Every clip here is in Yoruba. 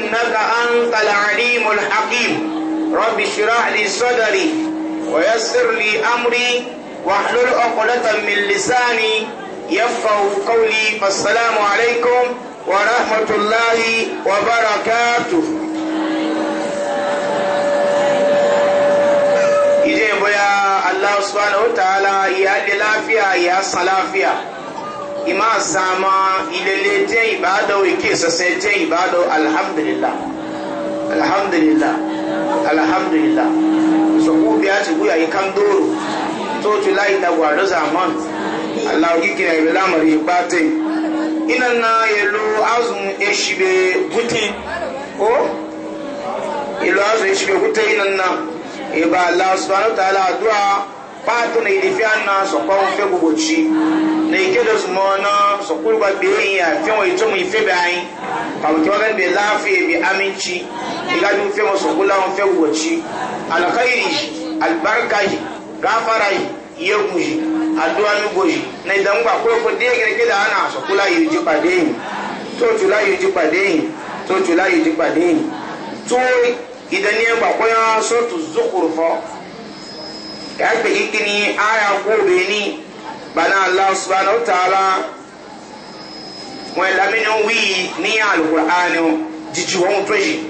إنك أنت العليم الحكيم رب اشرح لي صدري ويسر لي أمري واحلل عقدة من لساني يفقه قولي فالسلام عليكم ورحمة الله وبركاته ije boya Allah subhanahu wa ta'ala ya da lafiya ya salafiya ima sama ilele je ibado ike sase je ibado alhamdulillah alhamdulillah alhamdulillah so ku biya ci ku yayi kan doro to ti lai da gwaro zaman Allah ki kina ibe lamari bate ina na yelo azun eshibe guti ko yelo azun eshibe guti ina na iba e Allah subhanahu wa ta'ala addu'a kpaato na yedifi ana sɔkpawo fe gbogbo tsi na yi ke do sumɔ na sɔkulu gba gbe yi a fi wɔn itɔ mu yi fe bɛ anyi kawutɛ wɔn bɛ laafi ebi ami tsi yi ka du fe mo sɔkulu awon fe gbogbo tsi alakayiri alibarika yi gafara yi yegun yi aduwa yi na yi damu kakuro ko den kele kele ana sɔkulu ayi ju pade yi tóòtù láyé ju pade yi tóòtù láyé ju pade yi tó ìdánilẹ́ gbàgbọ́ yẹn sọ́tù zokoro ya gbe ikini aya gobe ni bana allah subhanahu wa ta'ala wọn lamini wi ni alukur'ani jiji wọn tó yi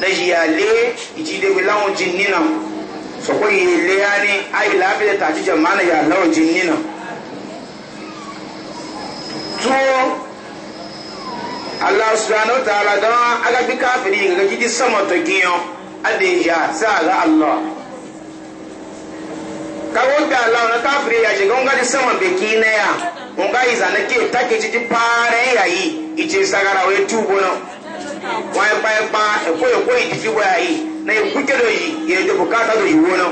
na yi ya le ìjídégbé láwọn jin nínà sọkò yìí lé ya ni ayi tàbí jamana ya láwọn jin nínà tó allah subhanahu wa ta'ala dán agabi káfíìn gàgàjì di sọmọ tó adéyà sáà allah. kawo bi ala wani kafiri ya shiga nga di sama beki na ya nga iza na ke take ci pare ya yi ice sagara we tubo no wa pa e pa e ko e ko idiji e e wa yi na e kuke do yi e do bukata do yi wo no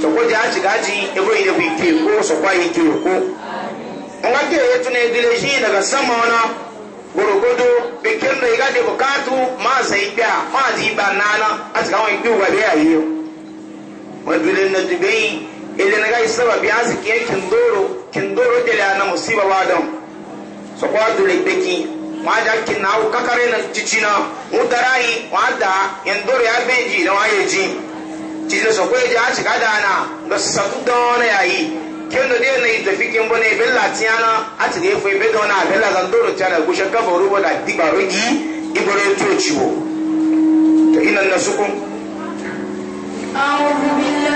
to ko ja ci gaji e ko ide bi ke ko so kwa yi ke ko nga ke e tun e dile shi daga sama ona gorogodo bekin da iga de bukatu ma sai biya ma ziba nana a cikin wani biyu ga biya mabilin na dubai ile na gai saba biya su ke kindoro kindoro dila na musiba ba don so kwa dole beki wa da kin na hau kakare na cicina mu darai wa da yandoro ya bai ji da waye ji cicina so ko ya ci kada na da sabu don ya yi kin da dai na yi tafi kin bane bella tiyana a ci ya fe bai don na bella zandoro tiyana ku shakka ba ruwa da dibaro gi ibore to ciwo to ina nasukun أعوذ بالله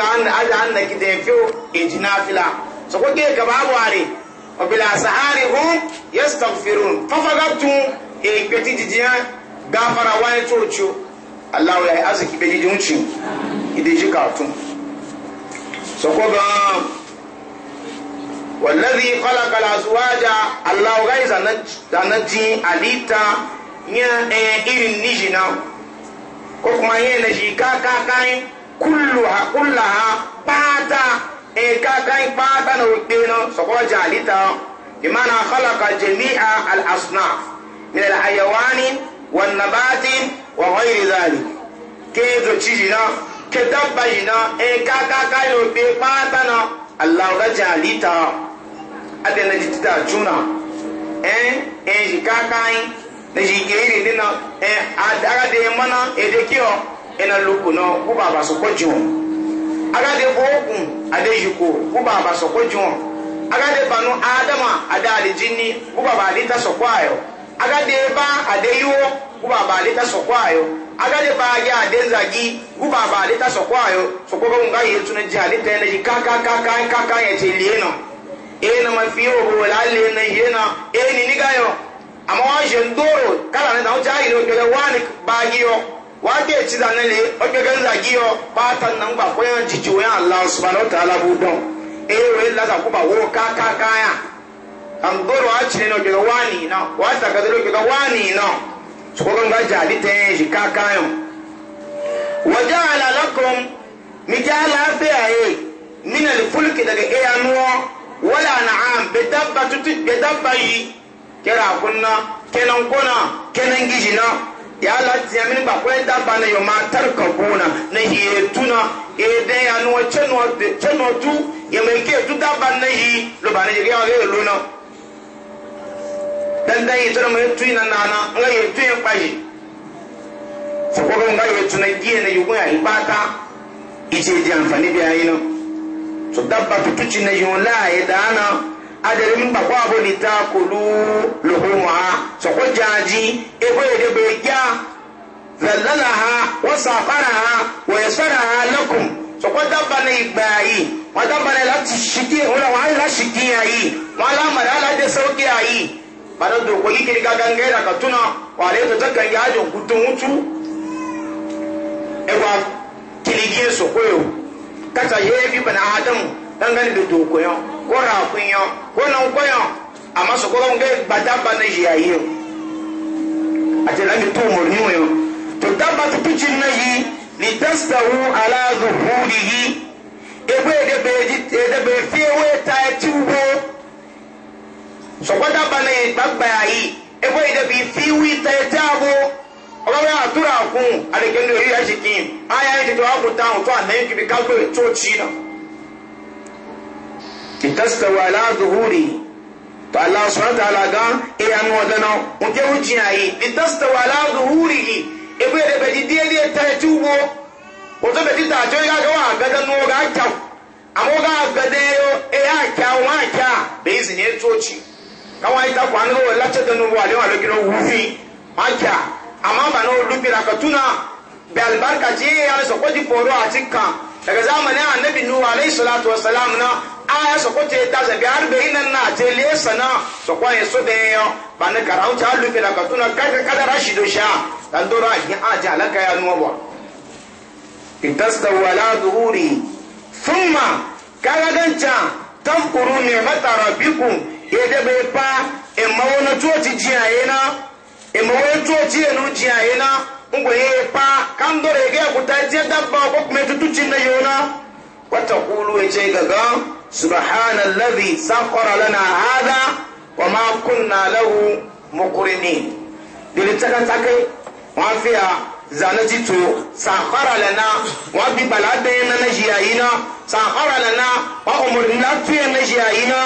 ga an aja an da gidan fiyo in ji nafila so ko ke ka babu are wa bila sahari hum yastaghfirun fa fagatu e eh, kweti jijiya gafara wani tocho Allah ya yi arziki bai jijin ci idan ji katun so ko ga wallazi alita nya e irin nijina ko shi ka ka kulluha kullaha pata e ka kai e, pata na wudino so ko jalita bimana khalaqa jami'a al asnaf min al hayawani wan nabati wa ghairi dhalik ke zo cijina ke dabba ina e ka ka kai be pata na allah ga jalita adena jita juna eh e, e ka kai e, na jigeri dina e adaga de mana e de kio ina luku na kuba ba soko jiwon agade bogun ade yiko kuba ba soko jiwon agade banu adama ade alijini kuba ba alita soko ayo agade ba ade yiwo kuba ba alita soko ayo agade ba age ade zagi kuba ba alita soko ayo soko ba nga ye tuna ji alita ina yika ka ka ka ka ka ya ce liye na e na mafi yo bo la le na ye na e ni ni gayo amma wa jendoro kala ne da o jayi lo gele wani ba gi yo wage ci da nale oge gan zagi yo batan nan ba ko yan jiji wa Allah subhanahu wa ta'ala bu don e we la za ku ba wo ka ka ka ya an goro a ci no ge wani na wa ta ga do ge wani na su ko ga jali te ji ka ka yo wa ja'ala lakum mijala fi ayi min al fulki daga e, e anuwa wala na'am bi dabba tutu bi dabba yi kira kunna kenan kuna kenan gijina ya la tiɲɛ mini ba ko n da ba na yɔ ma tari ka bon na na yi tuna e den ya nɔ cɛ nɔ cɛ nɔ tu yɛmɛ ke tu da ba na yi lo ba na yi ya ye lo na dandan yi tɔrɔ ma ye tu na na na n ka ye tu ye kpa ye sɔkɔrɔ n ka ye tuna diɛ na yugun ya yi ba ta i ti di anfani bi a yi na so da ba tutu ci na yi o la a ye da na adari min ba kwabo li ta kulu luhuma so ko jaji e ko de be ya zallalaha wa saqaraha wa yasaraha lakum so ko dabba ne igbayi wa dabba ne lati shiki wala wa ala shiki yayi wala marala de sauki yayi bara do ko ikiri ga gange da ka tuna wa le to takkan ya jo gutun hutu e wa kiligi so ko yo kata ye bi bana adamu dangane da dokoyon ko rakunyon ko nankoyon a masu kogon gai ba dabba na shi yayi a ce langi to murniyo yau to dabba ta picin na yi ni tastawu ala zuhurihi ebe da bai fiyewe ta ya ciwo sọ̀kọ́ dábà ní gbàgbà yìí ẹgbẹ́ ìdẹ́bi fi wí tẹ̀tẹ́ àbò ọlọ́wẹ́ àtúrà kún àdìgẹ́ni orí ẹ̀ṣin kí ayé ẹ̀ṣin tó wà kó dáhùn tó àná ẹ̀kìbí kágbé tó tì náà. litastawa la zuhuri to Allah subhanahu wa ta'ala ga e anu wadana unje unji ayi litastawa la zuhuri e be de beji die die ta tubo o to beti ta jo ga ga wa ga da no ga ta amo ga ga de yo e ya kya wa kya be izi ne tochi ka wa ita kwa no la cha da no wa le wa le kiro wufi ma kya ama ba no lu bi ra ka tuna be albarka je ya so ko di poro ati kan daga zamanin annabi nuhu alayhi salatu wa salam na aya so ko te ta zabi har be inan na te le sana so ko ye so de yo ba ne karau ta lu fi daga tuna ka ka da rashidu sha dan do ra yi aja la ka ya nuwa ba intastaw ala dhuhuri thumma kaga ganca tafkuru ni'mata rabbikum yede be pa e mawo na tuoti jiya yana e mawo tuoti enu jiya yana ngwaye pa kan dore ga ku ta je dabba ko kuma tutucin na yona wata kulu ya ce gaga subhanallazi sakhara lana hada wa ma kunna lawu muqrinin dile taka take wa fiya zana jito sakhara lana wa bi bala balade na na jiyayina sakhara lana wa umurna tuye na jiyayina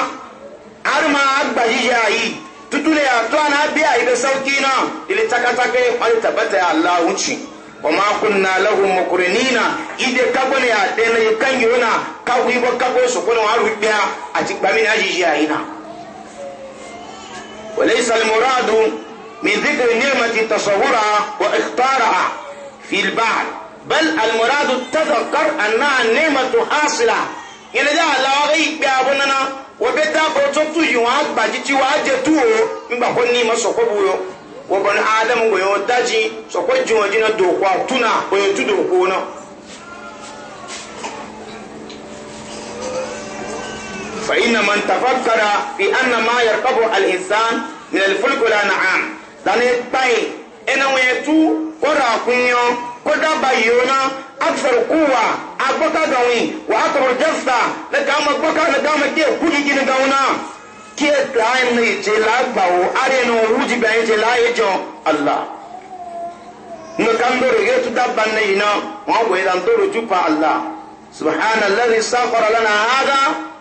har ma agbaji jiyayi tutule ya to ana biya ida sauki na ile takataka wani tabbata ya Allah wuce wa ma kunna lahum muqrinina ide kago ne ya de na kan yona ka wi bo kago so ko wa ru biya a ti gbami na ji ya ina وليس المراد من ذكر نعمة تصورها واختارها في البعض بل المراد تذكر أنها النعمة حاصلة إن جاء الله غيب يا أبونا wobe dabo tɔtu yi wɔn agbadzi ti wɔn adze tu o ŋgbà ko ní ma sɔkɔ bu yɔ wɔbɔ ni adamu wɔn yɔ dadzi sɔkɔ dzi wɔn dzi na do ko atuna wɔn yɔ tu do ko na. فإن من تفكر في أن ما يركبه الإنسان من الفلك والأنعام لأن الطين إنه يتو كرا كنيو كرا بيونا aksar kuwa a gbaka gawi wa akwar jasta na gama gbaka na gama ke kudi gini gauna ke tayin na ce lagbawo are na wuji bayan ce la ya jo Allah na kan doro ya tu dabban na ina wa wa ya doro jufa Allah subhanallazi sakhara lana hada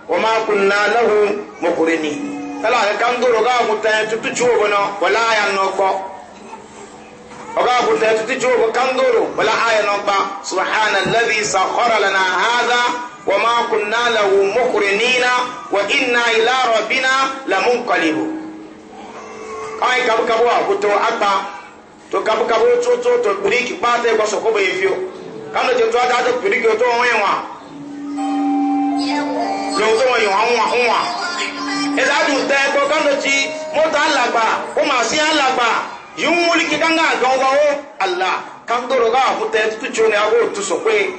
wa ma kunna lahu muqrinin tala kan doro ga ku tayin tu tu chuwo bona wala ya no ko ọgá àkùtà ẹtù tí jùlọ kándóró wọlé ayé náà gba subahana lẹbi sàkọrọ lẹna hàdá wọ́n máa kún náà lẹ́wọ̀ mọ́kùnrin níná wọ́n iná ilá rọ̀bìnà lẹ́mú kọ́lébù. káwọn kabukabu àkùtà àgbà tó kabukabu tó tó tó biriki pàtẹ́ ìgbọ́sọ̀ kó bẹ́ẹ̀ fi o kánò tó tó adá tó biriki tó wọ́n yẹn wà. lòun tó wọ́n yẹn wọ́n wà wọ́n wà. ìdájú tẹ́ ẹgbẹ́ kánò tí mọ́tò alàgbà ó mà sí alàgbà. yin mulki kan ga gawa Allah kan doro ga futa ya tutu ne ago tu sokwe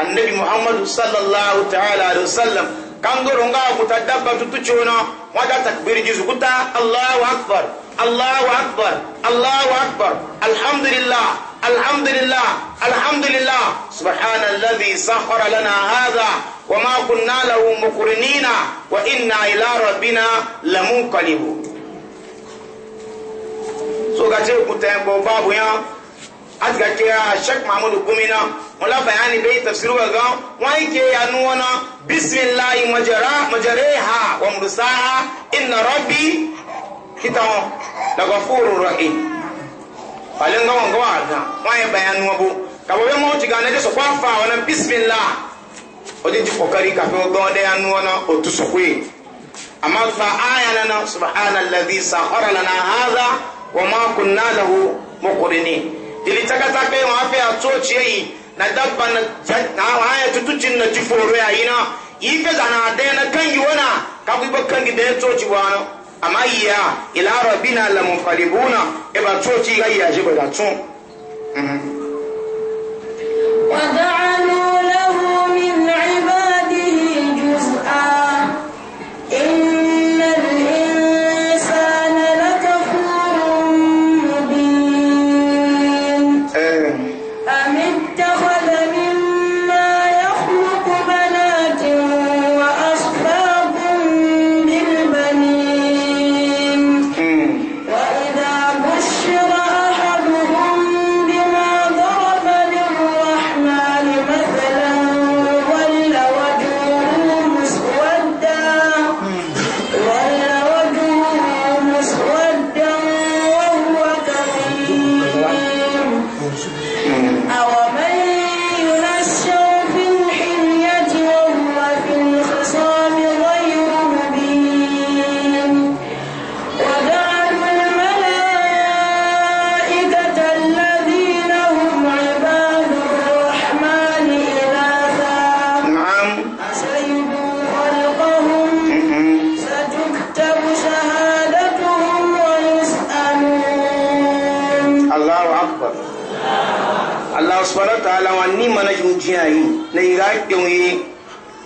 annabi muhammadu sallallahu ta'ala alaihi wasallam kan doro ga futa dabba tutu chona wada takbir ji zukuta Allahu akbar Allahu akbar Allahu akbar alhamdulillah alhamdulillah alhamdulillah subhanalladhi sakhara lana hadha وما كنا له مقرنين وإنا إلى ربنا لمنقلبون so ka ce kuta ya gbogbo ya a ti ka kira shek mahmudu kumina wala bayani bai tafsiru ga gan wani ke ya nuwana bismillahi majareha wa mursaha inna rabbi kitan da gafurur rahim falin gawan gawa ga wani bayan wabo kabo ya mawu ci gane so kwafa wani bismillah wajen ji kokari kafin gawa da ya nuwana otu su kwe amma fa aya lana subhanalladhi sahara na hadha wa ma kunna lahu muqrini dili takata pe wa pe atochi yi na dabba na wa ya jin na tiforo ya yi ife zana da na kangi wana ka ku ba kangi de tochi wana amma ya ila rabbina lamunqalibuna e ba tochi ga ya je ba da tun mhm. wa da'anu lahu min ibad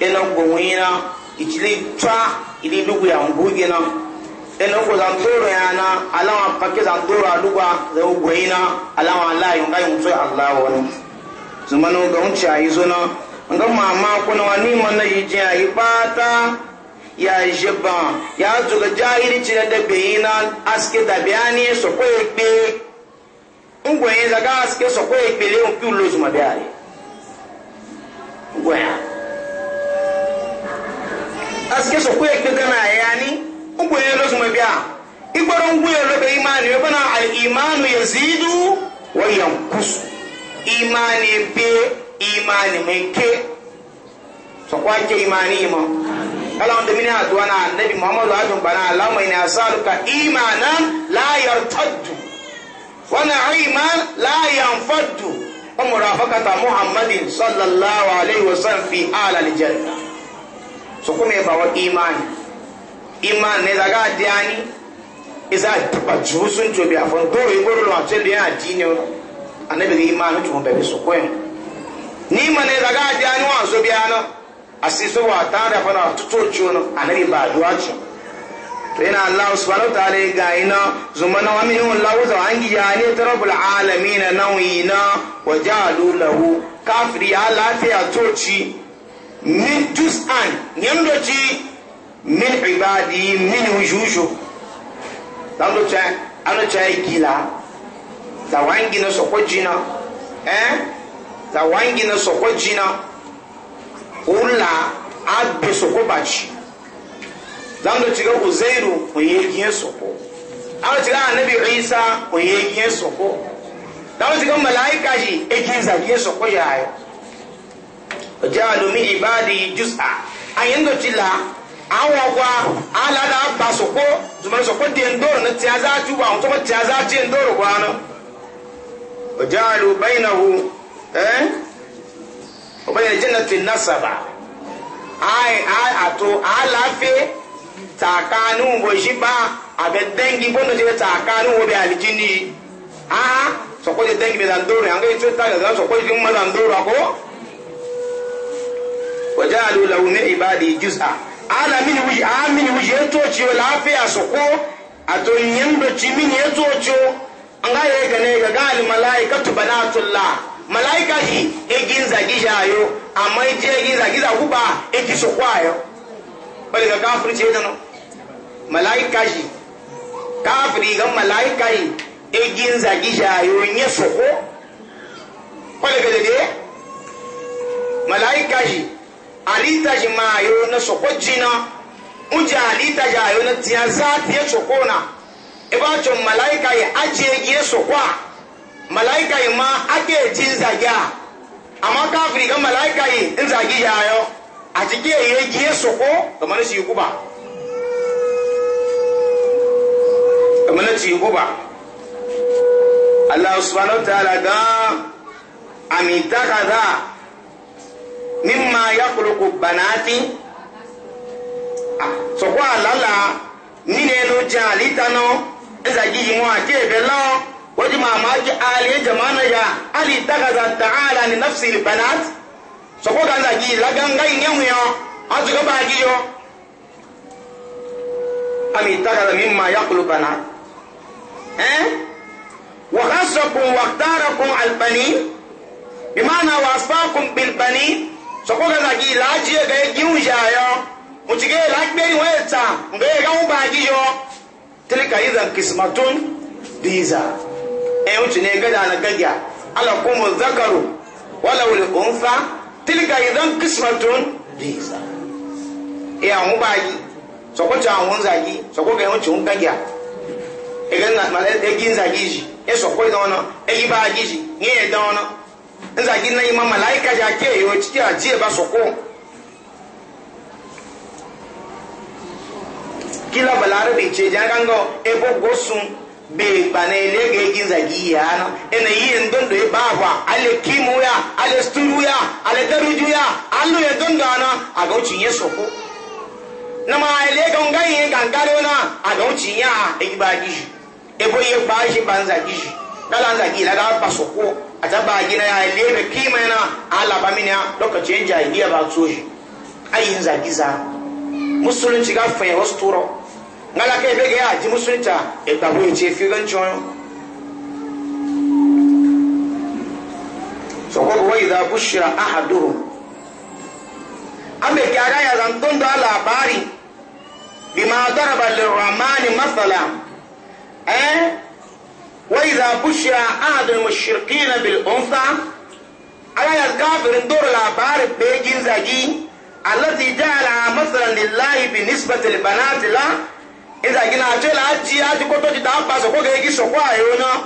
ena gbonwe na itili twa ili lugu ya mbugi na ena ko za ndoro ya na alama pakke za ndoro aluga za ugwe na alama Allah yunga yunto Allah wa zumano ga unci ayi zo na nga mama ko na wani man na yije ayi bata ya jeba ya zuga jahili cire da bayina aske da bayani so ko ekpe ngwe za ga aske so ko ekpe le un piulo zuma bayani ngwe asike so kuya kpeka na ayani ngwenye lo zuma biya igboro ngwenye lo be imani yo bana al imanu yazidu wa yankusu imani be imani meke so kwa ke imani ma ala wanda mini addu'a na annabi muhammadu adun bana allahumma inna as'aluka imanan la yartaddu wa na'iman la yanfaddu umrafaqata muhammadin sallallahu alaihi wasallam fi ala so kuma ya bawa imani imani ne daga adiyani isa taba jusun to bi afon doro igoro lo atel ya adini ona ga imani ni mane daga adiyani wa so bi ana asiso wa tare afon a tuto chuno anabi ba duwa chu to ina allah subhanahu wa ta'ala ga ina wa minhu ne tarabul alamin nawina wa ja'alu lahu kafiri ya lafiya toci min juz'an nyamdo ci min ibadi min juju dando cha ano cha gila za wangi na soko jina eh za wangi na soko jina ula abbe soko bachi dando ci ga uzairu oyegiye soko ano ci ga annabi isa oyegiye soko dando ci ga malaika ji egin za ye soko yayo ọjọ́ mi ìbáàdì jùsà àyè ń dọ̀tí là àwọn ọgbà aládà bá sọ̀kọ́ zùmọ̀rẹ́ sọ̀kọ́ di ẹ̀ńdọ́rọ̀ ní tíyazá ju wa àwọn tó kọ́ tíyazá ti ẹ̀ńdọ́rọ̀ wa nọ. ọjọ́ àlù bẹ́yìn náà wò ẹ́ ọbẹ̀yìn ẹ̀jẹ̀ náà ti ná sàbà àtò àlàáfẹ́ tàkánú wò sí bá àbẹ̀ dẹ́ngi bọ́nà ti bẹ́ tàkánú wò bẹ́ àlìjí nìyí. sọ̀kọ́ ti dẹ́ngi bẹ́ dàndóró yàn وجعلوا له من عباده جزءا ala mini wuji a mini wuji ya toci wa lafiya su ko a to yin doci mini ya toci an ga ya gane ga gali malaika tu banatullah malaika ji ginza zagi jayo amma je egin zagi za kuba eki su kwayo bali ga kafir ce da no malaika ji kafri ga malaika yi ginza zagi jayo nye su ko bali ga de malaika ji alitaji yo na soko jina alita ja yo na tiya zafi ya soko na cho malaika ya aje ye soko malaika yi ma ake jin zagiya amma kafiri ga malaika yi in zagi yayo a cike ye ye soko kamar shi kuba kamar shi kuba Allah subhanahu wa ta'ala ga amitakada مما يخلق بنات آه، سوى لالا نينو جاليتانو إذا جي مو أكي بلو وجمع ماجي علي جمانا يا آلي تغزا تعالى لنفس البنات سوى لالا جي لغن غي نيوم يو أزغ باجي يو أمي تغزا مما يخلق بنات ها إيه؟ وخصكم واختاركم البنين بمعنى واصفاكم بالبنين sọ̀kọ́ kẹta kì í láàjì ẹ̀ka ẹ̀gíhùn ìyá yọ mùtìkẹ́ ìlàgbé ìwé ẹ̀ta ǹgbẹ́ ẹ̀gáhùn bá yí yọ tilka ìzà zakaru tilka ìzà kìsìmàtún kismatun ẹ̀ àwọn bá yí sọ̀kọ́ tún na ń zàgí sọ̀kọ́ kẹ́ ẹ̀hún tún gẹ́gẹ́ ẹ̀gẹ́ ẹ̀gí ń zàgí yìí ẹ̀ sọ̀kọ́ ìdánwọ́n ẹ̀gí bá yí yìí ń yẹ̀ nzagi na ima malaika ja ke yo titi aji e ba soko kila balarabe ce jangango ebo gosun be bana elege gi nzagi ya na ene yi ndondo e baba ale kimu ya ale sturu ya ale daruju ya alu e dondo ana aga uchi ye soko na ma elege ngai ye gangare na aga uchi ya e ba gi ebo ye ba ji banza gi kala nzagi la ga ba soko a taba gina ya lebe kima yana alaba mini lokacin jahiliya ba to shi ayin zagiza musulunci ga fanya wasu turo ngala kai bege ya ji musulunci ya tabo ya ce filanci wani sọkọrọ wọ́n ìdá búṣìra áhàdùrù abẹ̀kí aráyà zantun da labari bí máa dọ́rọ̀bà lè rọ̀mánì masala eh? وإذا بشر أحد المشركين بالأنثى على الكافر دور العبار بيجين زجي، الذي جعل مثلا لله بالنسبة للبنات لا إذا جينا أجل أجي أجي كتو جدا أباس وكو جيجي سوكوا أيونا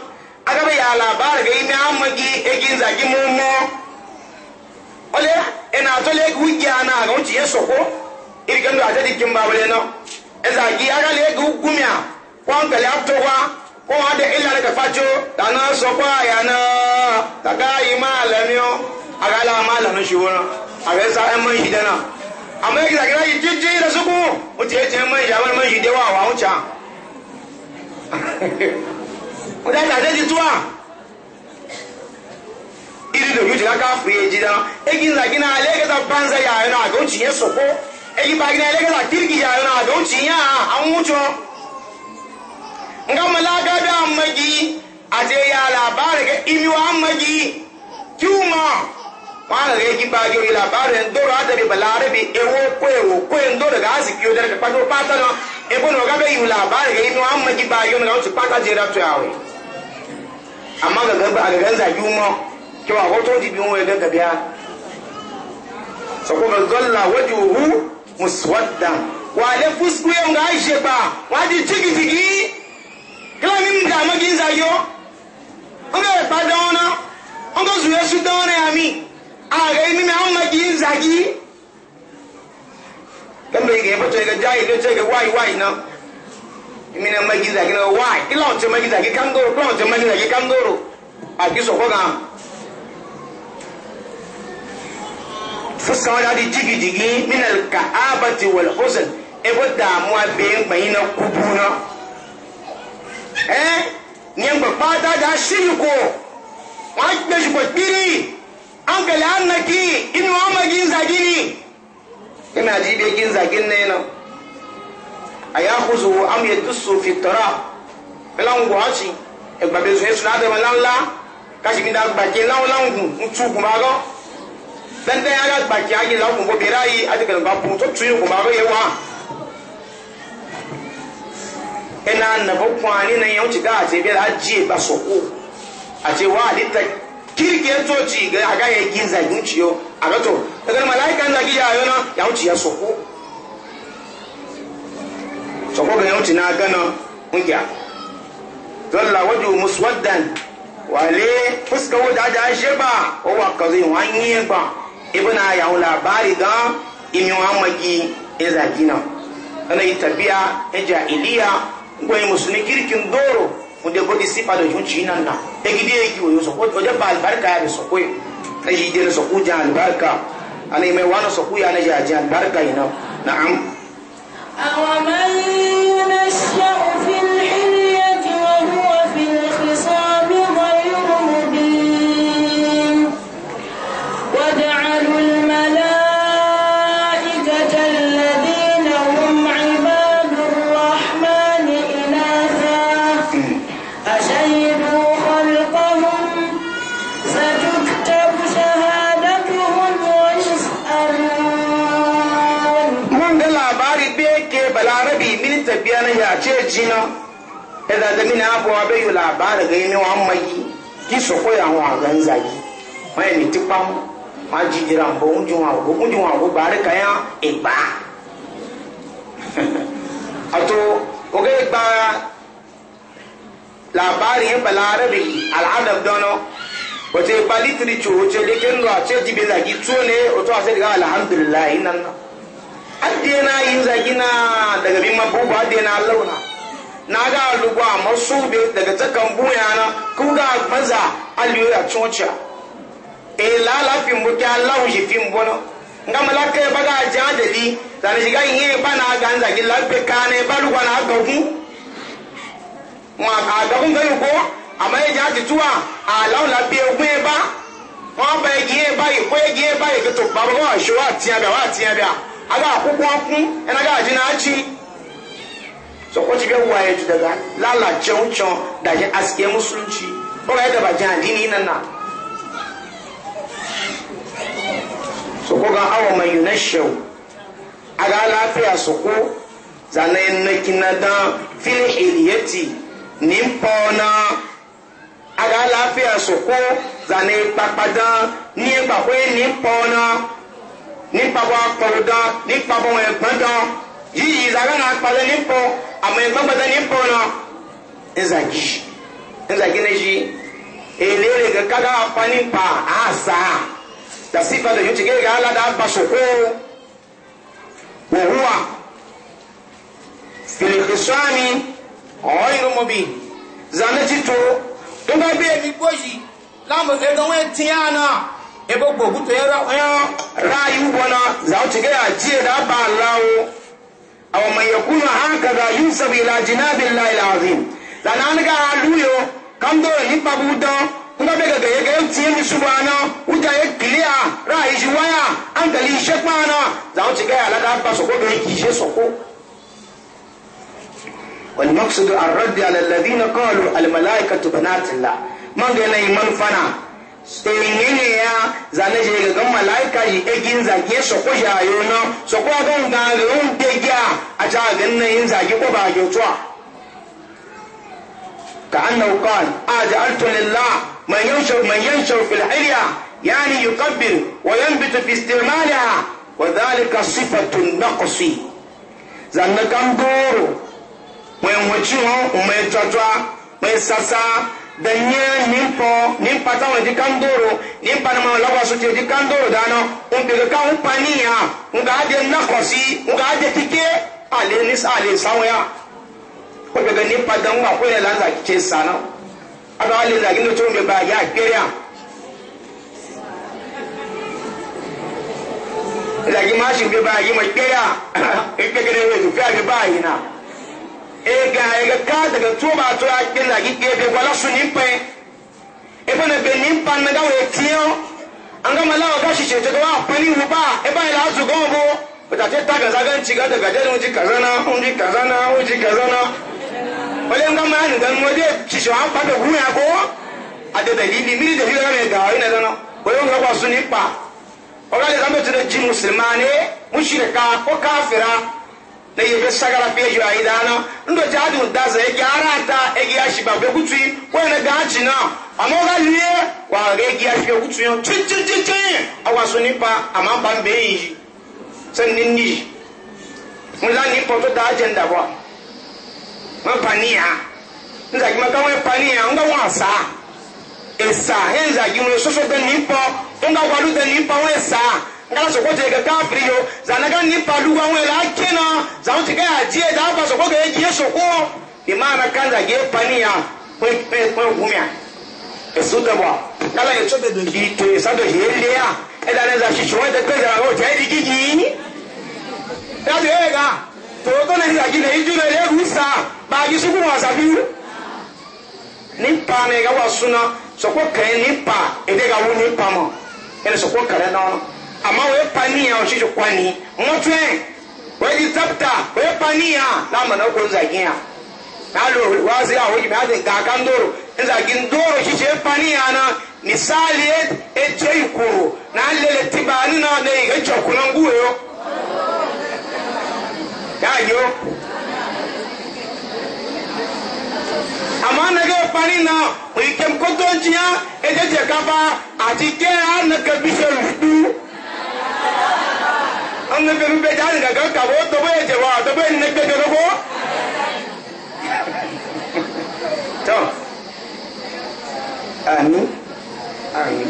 أجاب يا العبار جينا أمجي أجين زجي مومو أولي إن أجل أجي أنا أجي يسوكو إذا كنت أجل أجي مبابلنا إذا جي أجل أجي أجي أجي أجي أجي ko wa da illa daga fajo da na so kwa ya na daga yi malami o aga la malami shi wona aga sa en man hidana amma yake da gira yi jinji da su ko mutu yace en man ya man man hidewa wa wuce ko da da ji tuwa iri da yuji ka fiye ji da egin da gina alege da banza ya yana ga wuce ya soko egin ba gina alege da kirki ya yana ga wuce ya an wuce nga malaga bi amagi ate ya labari ga imi wa amagi kiuma wala ga gi bagyo ya labari ndoro adari balare bi ewo ko ewo ko ndoro ga asi kiyo dare pa do pata no e bono ga be yu labari ga imi wa amagi bagyo no ga su pata jira to yawo amma ga ga ga ga za yuma kiwa ko to di bi won ga ga biya so ko ga zalla wajuhu muswaddan wa le fusku yam ga aishe ba wa di jigi jigi ìwọ ni nga amagi nzayọ oge ẹ̀pá dánwó náà wọn kò zùwé sùn dánwó náà mi ààrẹ mímí àwọn amagi nzayí kẹmẹ ìgbà yẹn bọ́tọ̀ ìgbà jáì ló tẹ́ ìgbà wáyì wáyì náà ìmí náà amagi nzayí náà wáyì kí láwọn tẹ amagi nzayí kángóró kí láwọn tẹ amagi nzayí kángóró àgbésọ̀kọ́ kan. fuskan wadda di jigijigi minal ka'abati wal husn ebo damuwa bayan bayan na kubu na ẹ́ ní ẹgbẹ̀ pátá dá ṣíríkò wọ́n gbé ṣùgbọ́ pírí an gẹ̀lẹ̀ annaki inú ọmọ gínza gini ina ji ibe gínza gini na a ya kúzù amúyẹ tusu fi tọ́ra láwùgbọ́ ọ̀chí ẹgbàgbẹ́ zuwe suna adẹ́mọ láńlá káṣíkí dá gbàgbé láwọn láwùgbùn ń tú kùn bá gọ́ bẹ́ẹ̀ dẹ́yà gbàgbé ayé láwùgbùn bó bẹ̀rẹ̀ ayé adẹ́gbẹ̀rẹ̀ bá bùn tó tú yóò kùn bá gọ́ yẹ wá ina nabo kwani na yau ciga a ce biyar ajiye ba soko a ce wa halitta kirgiyar toci ga aga ya yi zagin ciyo a gato daga mala'ikan zagi ya yau na ya wuce ya so soko ga yauci na gana kungiya dalla wajo muswaddan wale fuska wadda da ashe ba o wa ka zai wani ba ibina ya wula bari don imi wa magi ya zagi na ana yi tabiya ya ja'iliya ngoyi musulmi kirkin doro wanda ya godi sifa da junci nan na ya gidi ya kiwo yau sako wajen ba albarka ya bi sako na shi jere sako jan albarka ana mai wani sako ya na jajen albarka yi na na'am أومن ينشأ في الحلية وهو في الخصام yana ya ce jina a da mina abu bai yula ba wa mai ki so ko ya wa gan yi mai ni pam ma ji jira mbo unjun wa go unjun wa go bare ka ya e ba ato o ga ba labari ya balarabi al'adab dono wace ba litri ce wace da kin lo a ce jibe zagi tsone o to a ga alhamdulillah nan ade na yi zagi na daga bin mabubu ade na launa na ga lugwa masu be daga takan buya na ku ga maza aliyu ya cocha e lala fin buki allahu shi fin bono nga malaka ya baga jadali zane shiga yin ba na ga zagi lafi kane ba lugwa na gagu ma ka gagun gayu ko amma ya jaji tuwa a laula bi ogun ba wọn bẹ yi ba yi ko yi ba yi ko to babu ko wa ṣe wa tiɲɛ bɛ wa tiɲɛ bɛ aga akwụkwọ ọkụ enaga aji na aji sokoci bai waye ji daga lalace daje da ji ọ ga ba ya ji addini nan na so ko gan awa mai yunashau aga lafiya su soko zanayin na kinada filin iliyati nimpa na aga lafiya su ko zanayin kpakpada ni gbakwe nimpa na nípa bọ́ akpọ̀rọ̀ dán nípa bọ́ ẹ̀gbọ́n dán yíyí ìzàgá náà akpalẹ̀ nípọ̀ àmọ́ ẹ̀gbọ́n gbọ́dọ̀ nípọ̀ náà nzàgì nzàgì náà yí èlérè kankan náà apá nípa àzà dàsí ìfẹ́ lòyún tìgé ìgbà aládà àgbàsókò wòwúwa fìlìkìsọ́ọ̀nì ọ̀hún mọ̀bì zanetito tó bá bí ẹni gbòòyì láwọn ẹgbẹ́ wọn ti hàn náà. ebe gbogbo to yẹra ọyọ ráàyè wọnà zàwọn ti gẹ́yà jíẹ̀ dá bá a láwọn àwọn ọmọ ìyẹ̀kú náà hàn kàdà yusuf ìlàjìnà bìlà ìlàzì lànà ànìkà àlùyọ kàmdó nípa búdọ nga bẹ gẹgẹ yẹgẹ tiẹ ní subu àná wújà yẹ kìlíà ráàyè ṣi wáyà àǹtẹ̀lẹ̀ iṣẹ́ pọ́n àná zàwọn ti gẹ́yà aládàá bá sọ̀kó lórí kì í ṣe sọ̀kó. والمقصد الرد على الذين قالوا الملائكة بنات الله ما قال إيمان فنا إيمان zane je ga gan malaika yi egin zage so ko yayo na so ko gan ga run degiya a ja gan na yin zage ko ba yo to ka annahu qal altu lillah man yanshur man yanshur fil hilya yani yukabbir wa yanbitu fi istimaliha wa dhalika sifatun naqsi zanna kan doro mai wacin mai tatwa mai sasa danye nimpo nimpata wa jikandoro nimpa na mama lagwa so jikandoro dano unde ka umpania unga ade nakosi unga ade tike ale nis ale sawaya ko daga nimpa dan wa ko la za kice sana aba ale za gindo to me ba ya kiriya la gi ma shi be ba yi mai kiriya e kegere we to fa be ba yi na ega ega ka daga tuba to a gila gi ebe wala su nimpe ebe na be nimpa na ga we tiyo an ga mala ga shi ce to wa pani ruba ebe ila azu go bo bata ce ta ga zagan ci ga daga jere uji kazana uji kazana uji kazana wale nga ma ni dan moje ci so an pa be hu ya ko ade dalili miri da hira me ga ina dana wale nga kwa su nimpa o ga le zambe de ji muslimane mushrika ko kafira na yefe sagara pe yura yi dana ndo ti adu da ze egi ara ta egi ashi ba fe kutu ko na ama ga liye wa re egi ashi fe kutu yon chi chi chi chi awa so ni pa ama pa mbe yi se ni ni mo la poto da agenda bo mo pa ni ha nza ki ma ka nga wa sa esa he nza ki mo so so de ni po nga wa lu de ni pa wa nga soko te ga kafiri yo zanaga ni palu wa we la kena za unti ga ajie da ba soko ga ajie soko ni maana kanza ge pania kwe kwe kwe gumia esuda bwa kala ye chobe do gi to sado hele ya eda ne za shisho wa de kweza na roja edi gigi ya de ga to ko àmọ́ wọ́n pa níyà ọ̀ṣíṣe kwa ni wọ́n tún ẹ̀ wọ́n di tẹ́pítà wọ́n pa níyà láàmú náà kó ń zàgí yà náà lò wá sí àwọn ìgbìmọ̀ àti gàkà ń dòrò ń zàgí ń dòrò ṣíṣe pa níyà náà misali ètò ìkòrò náà lélẹ̀ tìbà nínú ọ̀dẹ ìgbẹ́jọ̀ kùnà ń gúwe yó. yáàyò àmọ́ anagẹ́ ìparí náà òyìnkẹ́ kótó ń jiyàn ẹ̀jẹ̀ jẹ̀ kaba àti jẹ́ anagẹ́ bíṣẹ̀ rúdú. annabi mun bai jani daga ka bo to bai je wa bai na ke ga ko to ani ani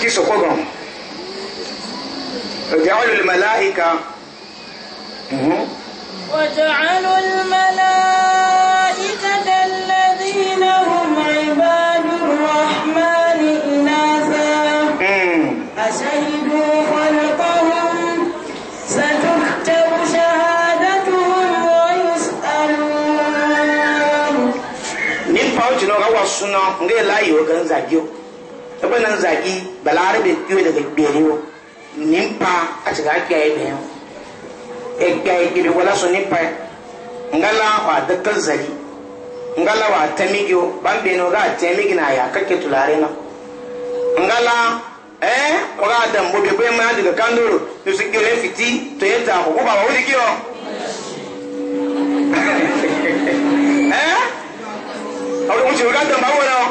ki so ko gon وجعلوا الملائكة وجعلوا الملائكة suno nga layi wa gan zagi yo ebe nan zagi balare be kiyo daga gbere yo nimpa a ci ga kiyaye da yau e kiyaye gidi wala su nimpa nga la wa dakkan zagi nga la wa tamigi yo ban beno ga tamigi na ya kake tulare na nga la eh o ga dan bo be be ma daga kandoro to su kiyo fiti to yenta ko ba wa wuri kiyo eh àwọn ohun tí o ká tẹ̀ bá wọn náà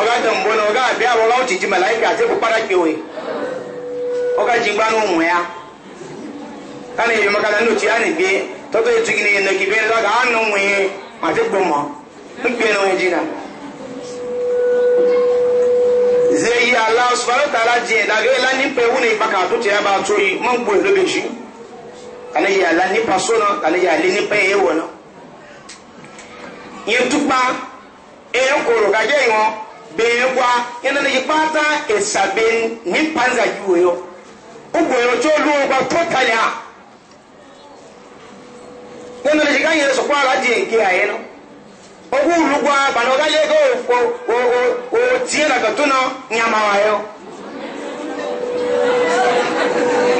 ọ̀gá tẹ̀ ń bọ̀ náà ọ̀gá àbí àwọn ọlọ́wọ́ tìjì màláìkà àti epo para kí òye jí gbá nù wọ̀n ya kánà èyí ní òtí àná gbé tọ́tọ́ ètò kìíní yẹn nàkí bẹ́ẹ̀ lọ́gà á nù wọ̀n yẹn àti gbọ̀ mọ́ nígbè náà wọ́n jìnnà. zèyí aláṣọ tààrà jìn dàgbé lání pẹ̀wú ní ìpàkà àtúntì ẹ̀ bá tó yìí mọ́ ń gbọ́ èlò yìí alá yẹn túpá e koro ga je yon be kwa yana ni pata e sabe ni panza ju yo ugo yo cho lu ba totally ha yana ni ga yere so kwa la je ki aye no ogu lu kwa ba no ga je go o o o tie na ka tuna nyama wa yo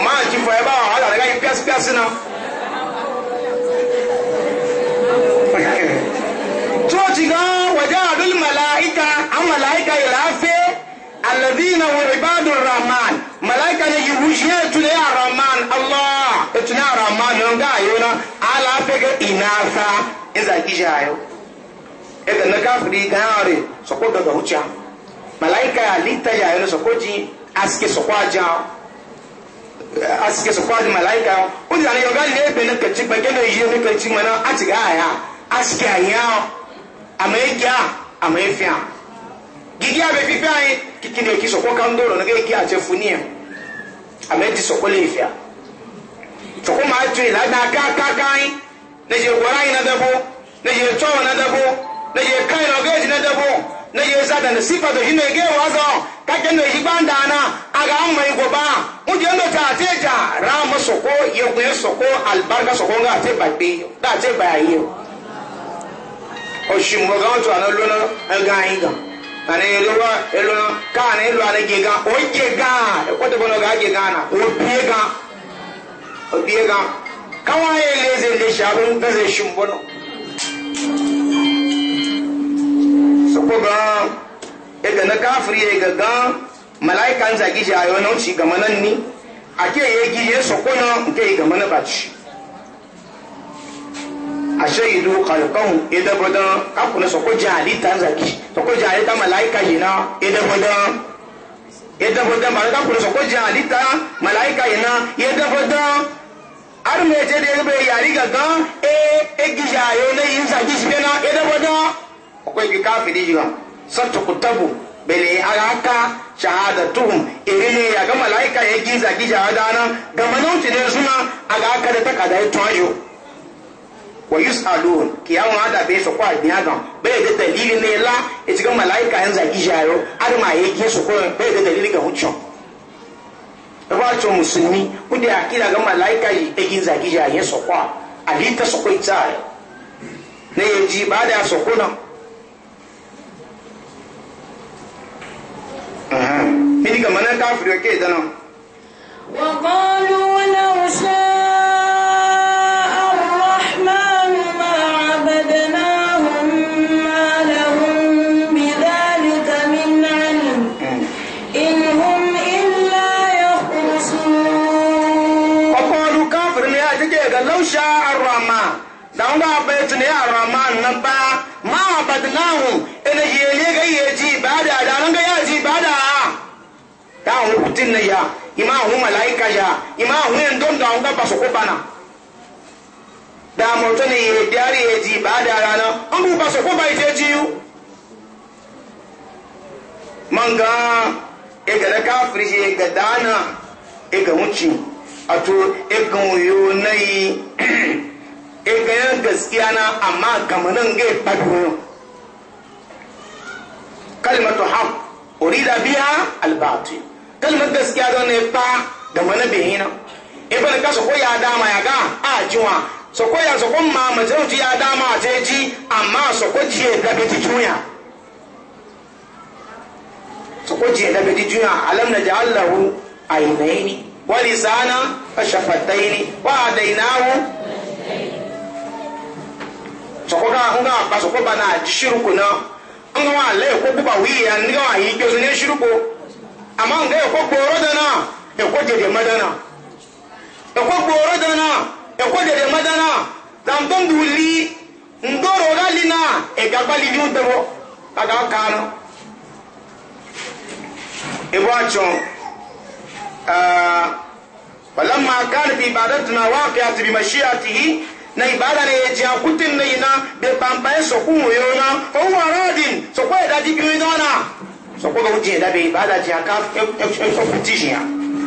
ma ji fo e ba ala ga yi pias pias na church gan jadul mala'ika an mala'ika ya rafe alladina wa ibadur rahman mala'ika ne yi wuce tun ya rahman allah ya tun ya rahman nan ga na ala fe ga inasa in za ki na kafiri ga yare so ko da huca mala'ika lita ya yana so ko ji aske so kwa ja aske so kwa ji mala'ika o ji na kacin bagen yi ne kacin mana a ciga aya aske ayi ama egya ama efia gigi abe fifi anyi kiki na eki sɔkɔ kan do lɔnɔ k'egi atsɛ funia ama edi sɔkɔ le efia sɔkɔ ma atu yi la na kakaka anyi ne yɛ wɔra anyi na dɛbo ne yɛ tsɔ na dɛbo ne yɛ kan na ɔge edi na dɛbo ne yɛ zada ne sifa do hi na ege wa zɔ kake na eyi gbanda na aga ama yi goba ŋudie ndo ta ate dza ra ame sɔkɔ yegun sɔkɔ alibarika sɔkɔ nga ate ba gbe da ate ba ya yi o. oṣù mọ̀gá wọn tó àná lónà ẹ̀gá yín gan àná ẹlọ́wọ́ ẹlọ́nà káàní ẹlọ́ àná gé gan ó gan ẹ̀kọ́ tó bọ́lá ọ̀gá gan náà ó bíé gan ó bíé gan káwọn ayé léze lè ṣe àbọ̀ ń pèsè na mọ̀gbọ́n. sọ́kò gan ẹ̀gà náà káfírí ẹ̀gà gan màláìka ń zàgíjì ayọ̀ náà ó ti gàmọ́ náà ní àkẹ́yẹ gíye sọ́kò náà ń kẹ́yẹ gàmọ́ náà bàjẹ́. ashahidu khalqahum ida bodan akuna soko jali tanzaki soko jali ta malaika yina ida bodan ida bodan malaika kuna soko jali ta malaika yina ida bodan ar me je de be yari gaga e egija yo ne yin zaki shibena ida bodan akwai ki kafiri jiga sattu kutabu bele alaka shahadatuhum irine ya ga malaika ya giza gija dana ga manauci ne suna alaka da takada ya tawayo wa yus'alun kiyama ada be so kwa biya gan be da dalili ne la e cikin malaika yan zagi jayo har ma ye ge so ko be da dalili ga huccio e ba to musulmi kudi akira ga malaika yi e gin zagi jaye so kwa ali ta so ko ita ne ye ji ba da so ko na aha mini ga manan kafiro ke dana dangwa abeti ne ya rahman na ba ma abadnahu ya yele ga yeji ibada da nan ga yaji ibada ta hu kutin ne ya ima hu malaika ya ima hu en don da ga baso ko bana da mo to ne ye dari yeji ibada na an bu baso ba bai jeji yu manga e, e ga ka firje ga dana e ga wuci ato e ga yo nayi e yan gaskiya na amma gamanin gai fadiyo kalmatu ham urida biya albatu kalmar gaskiya don ne fa gamanin bihina eh, ibn kaso ko ya dama ya ga a jiwa so ko ya so ko ma majalatu ya dama a jeji amma so ko jiye ga bi juya so ko jiye ga bi juya alam naj'al lahu aynaini wa lisana fashafattaini wa adainahu sɔkɔ ka ŋun ka kpa na a di siruku na n ka wa lɛ ko buba wi ya n ka wa yi gbɛso ne siruku a ma n na ekɔ gbɔɔrɔ dana ekɔ dede ma dana ekɔ gbɔɔrɔ dana ekɔ dede ma dana zantɔn du li n dɔrɔ li na egagba li ju dɛbɔ a ka kan na ebo a tiɲɔ ɛɛ. فلما كان في عبادتنا واقعة na ibada na eji akwute na ina be pampa e sokwu mu yo na o wa radin sokwu e daji bi na na sokwu go je be ibada ji aka e, e, e sokwu ti ji ya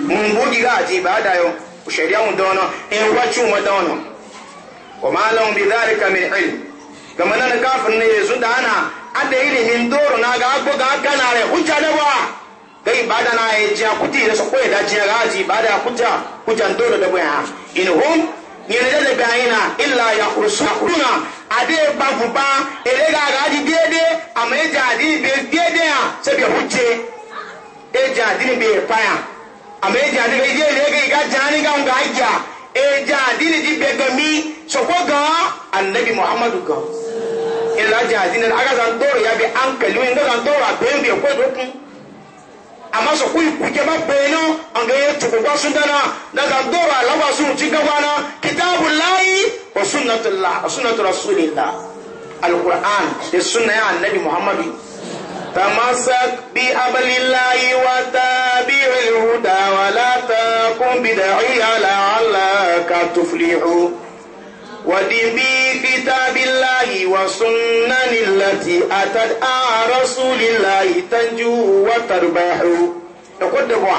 mbo di ga ji ibada yo o sheria un do na e wa chu mo do na wa ma lahum bi dhalika min ilm kama na kafin ne yesu da ana na ga agbo ga aka na re hujja ga ibada na eji akwute ne sokwu e ji ga ji ibada akuta hujja ndoro da bo ya in hum yẹn lè bẹ ayin na ilà yakurusa kuna adé gbagunba eléga agadi déédé àmọ ejì adi ibe déédé a sẹbi ẹkú tse ejì adi ni bi ẹpa ya àmọ ejì adi ni iye eléga iga jaani ga nga ja ejì adi ni di bẹgẹmi sọkọ gan anabi muhammadu gan ilà ejì adi ni agazan dọrọ ya bi ankeli nga zan dọrọ agbẹnbi ẹkọ ẹdọkun. amma so ku ku ke ba beno an ga yetu ku wasu dana daga ndora la wasu ci gabana kitabullahi wa sunnatullah sunnatu rasulillah alquran da sunna ya annabi muhammadu تمسك بأمر الله وتابع الهدى ولا تكن بدعيا لعلك تفلح وبي كتاب الله والسنن التي أتت على رسول الله تنجو وتربح يقول دبوا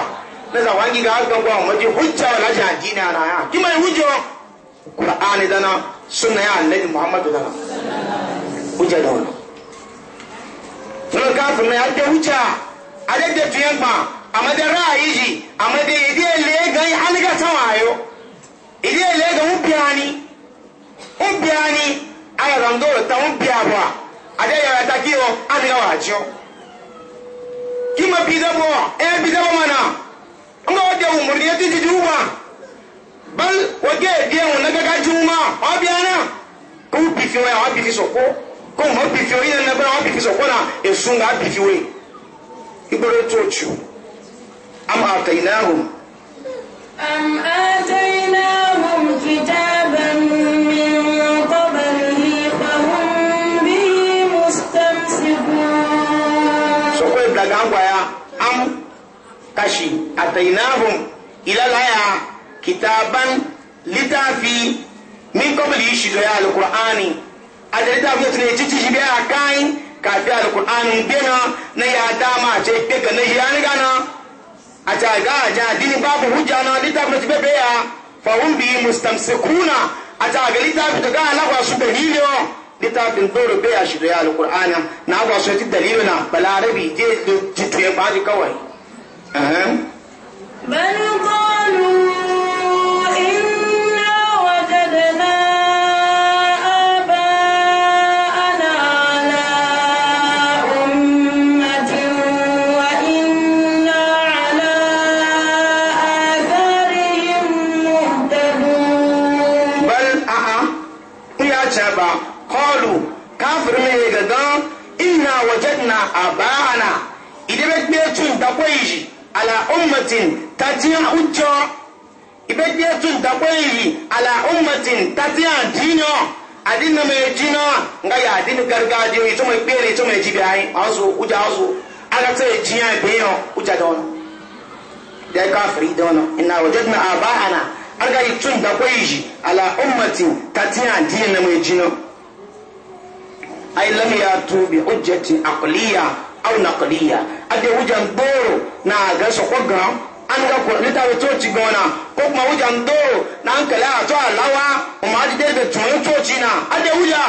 نزا وانجي قال قبوا مجي حجة ولا جاجين أنا يا كما يحجة القرآن دنا سنة يا النبي محمد دنا حجة دولا نون كافر ما يحجة حجة أجد تفين ما أما ده رأيي أما ده إدي اللي جاي حلقة سوايو إدي اللي جاي ń bí a ní ayọ̀lọ́ndó ta ń bí àbọ̀ àdéyàwó ẹ̀ta kí o àdéyàwó àjọ. kí mo bí dẹ́bọ̀ ẹ bí dẹ́bọ̀ mọ̀ náà ń bá wọ́n dẹ̀wò mọ̀rẹ́ yẹn títí dùn wà bá wọ́n gé èdè ẹ̀wọ̀n náà gẹ́gẹ́ jù wọ́n wọ́n bí ẹ̀rọ kó bì fi wọ́n yà wọ́n bì fi sọ̀kọ́ kó wọ́n bì fi wọ́n yẹn náà wọ́n bì fi sọ̀kọ́ náà èsùn gà bì fi wọ́n ìgbọ́dọ̀ tó tù àmọ́ àtẹ̀yìn náà kashi atainahum ilalaya kitaban litafi min qabli shi da alqur'ani a da litafi ne cici shi biya kai kafi alqur'ani bena na ya dama ce daga na ya gana a ta ga ja dini babu hujja na litafi ne be ya fa hum bi mustamsikuna a ta ga litafi ga Allah su dalilo littafin doro bai a shirya alkur'ana na agwaso ti dalilina balarabi je tuye baji kawai بل قالوا إنا وجدنا آباءنا على أمة وإنا على آثارهم مهتدون بل أها يا شباب قالوا كافر من إنا وجدنا آباءنا إذا بتبيتون تقويجي ala ummatin tatiya hujjo ibe je tun da koyi ala ummatin tatiya dino adina me dino nga ya adin gargaje ito me pere ito jibi ai azu uja azu ala te jiya be yo uja don da kafiri don inna wajadna aba'ana arga itun da koyi ala ummatin tatiya dino me dino ai lam ya aqliya aw naqliya ade wujan gboro na ga sokwa gan an ga ko ni tawo to ci gona ko kuma wujan do na an kala ato alawa o ma di de tun to ci na ade wuya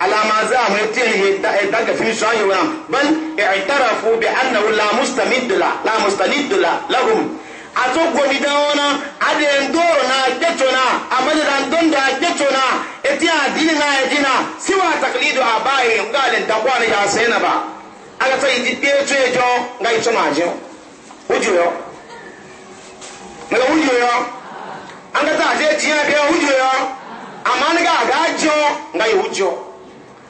alama za mu tin he da ga fi so ayo na bal i'tarafu bi annahu la mustamid la la mustanid la lahum a to goni dawona ade ndoro na getona amade dan donda getona eti adini na yajina siwa taklidu abai ngale ndakwana ya sena ba aga to yidi pecho ejo ngai to majo ujuyo mala ujuyo anga ta je tiya be ujuyo amani ga gajo ngai ujuyo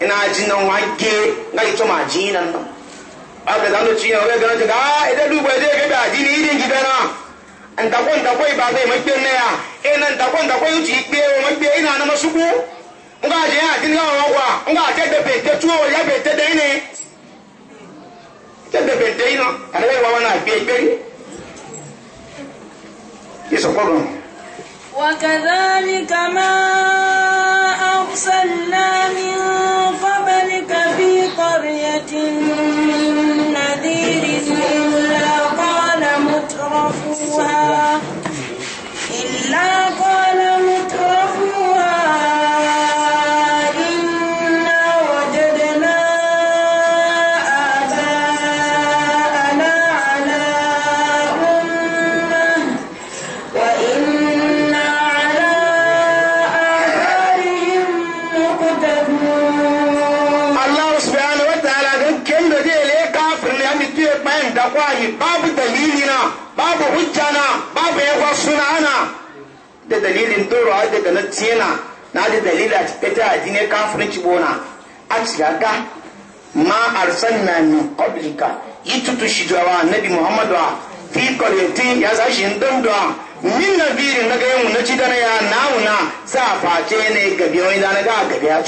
ina ji na wange na ito ma ji nan nan abu da zanu ci yana ganin ga idan duba zai ga ba ji ni irin gida e na in da kwan da kwai ba zai na ya eh nan da kwan da kwai yuci ikpe wa ina na masu ku in ga je ya ji ni ga je da bete tuwo ya bete da ne ta da bete ina a da da dalilin dorawa daga na tiyana na da dalila ita addini kafirinci bona a cigaga ma arsalna yi tutu yitutu shijawa nabi muhammadu a fi ya ya sashin da min biri na ga yamu na ci dana ya nauna sa face ne gabi wani dana ga gabi ya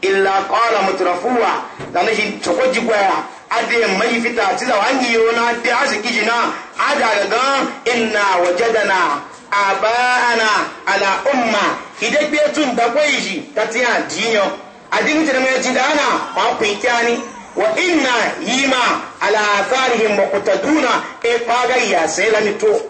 illa kwala mutrafuwa na shi tsokoji gwaya ade mai fita ci da wangi yona da asiki jina a ga da wajadana aba'ana ala umma idegbe tun da kwaiji ta tiya jinyo adini tana mai jidana ma kwinkani wa inna yima ala atharihim muqtaduna e paga ya sai la mito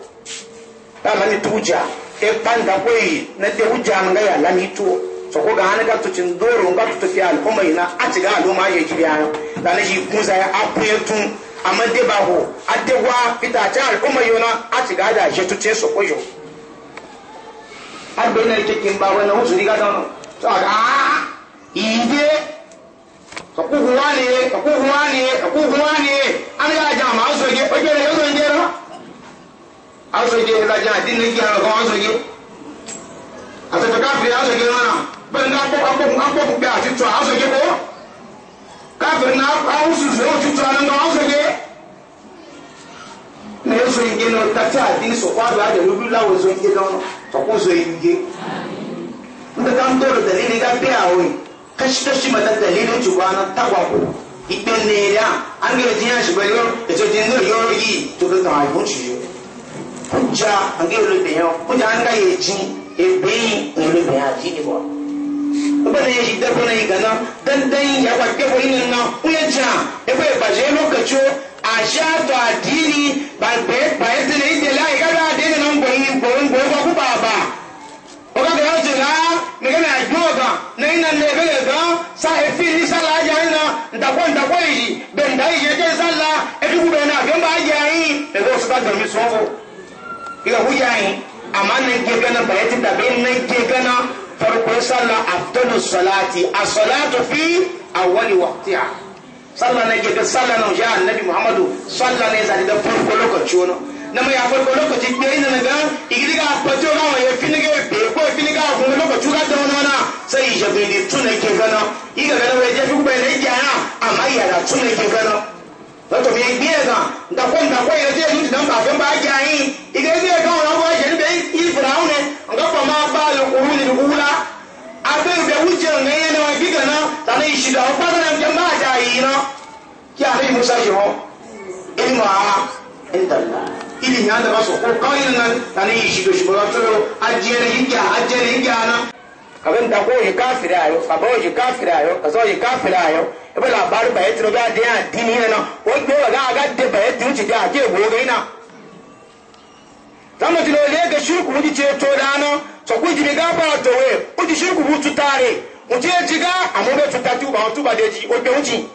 ta la mituja e panda kwai na te uja nga ya la to so ko ga anaka to cin doro nga to fi al kuma ina ati ga aluma ya ji biya da ne shi kunza ya apuyetun amma de ba ho adewa ita ta al kuma yona ati ga da je to ce so kojo agbe na ike kimba wena wusu diga dono so aga aa ah, ah, ah, iye kakuhu wani ye kakuhu wani ye kakuhu wani ye an ga ja ma aso ye o jere yo nje ro aso ye la ja din ne ja ko aso ye aso to kafiri aso ye mana ban ga ko ko ko ko be ati to aso ye ko kafiri na awusu zo ti to an ga aso ye ne so ye no tata din so kwa do ade lu lawo zo ye dono fakun zo yi nge inda kan dole dalili ga biya wai kashi kashi mata dalilin juba na tagwako ipe ne ya an gina jiya shi bari yau da ce jin zai yi to ka kama kun ci yau kun ja an gina lulluɓe yau kun ja an ga yi jin e yi lulluɓe ya ji ne ba bana ya shi dafa na yi gana dandan ya kwakke ko inin na uyan ja e bai baje lokaci a sha to addini ba bai bai da ne da lai ga da addini nan goyi goyin goyi ba ku baba o ka ga yaji la ne ga na joga na ina ne ga ga sa e ni sala ja ina nda ko nda ko yi ben dai je je sala e du be na ga ba ja yi e go sta ga mi so ko ila hu ja yi amma nan ke gana bai ta be nan ke gana farko sallah afdalu salati a salatu fi awwali waqtiha sallah na gida sallah na ja annabi muhammadu sallah ne zai da farko lokaci wani na mai farko lokaci gbe ina na ga igidi ga kwato ga wa yafi ni ga be ko yafi ni ga kuma lokaci ga da wani wana sai ya bi ni tuna ke gana iga ga wai je fi ku bai ne ja amma ya da tuna ke gana wato me gbe ga da ko da ko ya je ni dan ba fa ba ja yi iga ne ga wani wa je ni be ifraune ga ba ma ba al-qurun al abe be wujen ne ne wa giga na ta ne shi da ba na ke ma ja yi na ki abe musa yi ho ilma inda Allah ili ya da maso ko kawai nan ta ne shi do shi ba to ajiye ne yinka ajiye ne yinka na kabin da ko yi kafira ayo sabo yi kafira ayo kaso yi kafira ayo ibe labaru ba yetro ba de adini na o gbe wa ga ga de ba yetro ti da ke wo ga ina zama kilo lega shirku wuji ce to dana so ku ji ga ba to we ku ji shirku wutu tare mu je jiga amu be tuta tu ba tu ba deji o be wuji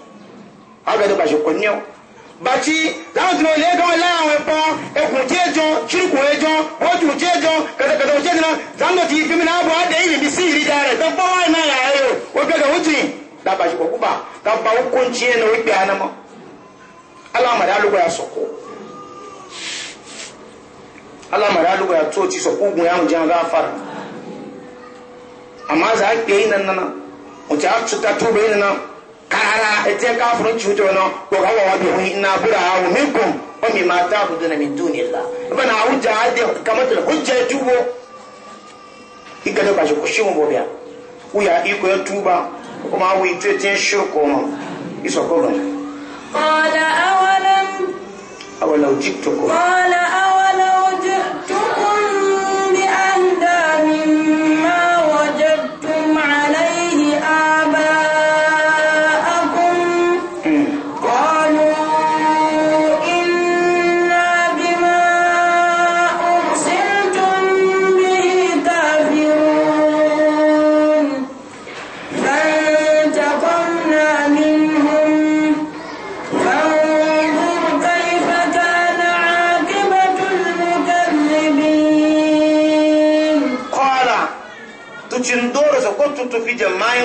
aga da ba shi kunyo bati zama kilo lega wala we po e ku je jo shirku we jo o ju je jo kada kada o je na zama ti fi na bo da yi bi siri dare da ba wa na ya yo o be ga wuji da ba shi ko ku ba da ba hukunci ne o bi anama Allah da lugu ya soko alamara alugu ya to ci so kugun ya mujan gafara amma za ke yi nan nan mutu a cuta tuba yi nan karara ete kafirin cuta wani ko kawo wa bi hun ina bura hawo minkum wa mi mata ku duna min dunilla bana hujja hade kamata hujja tubo igada ba shi kushi mu bobiya uya iko ya tuba kuma wi tetin shirko ma iso ko ban qala awalam أولو جئتكم قال أولو جئتكم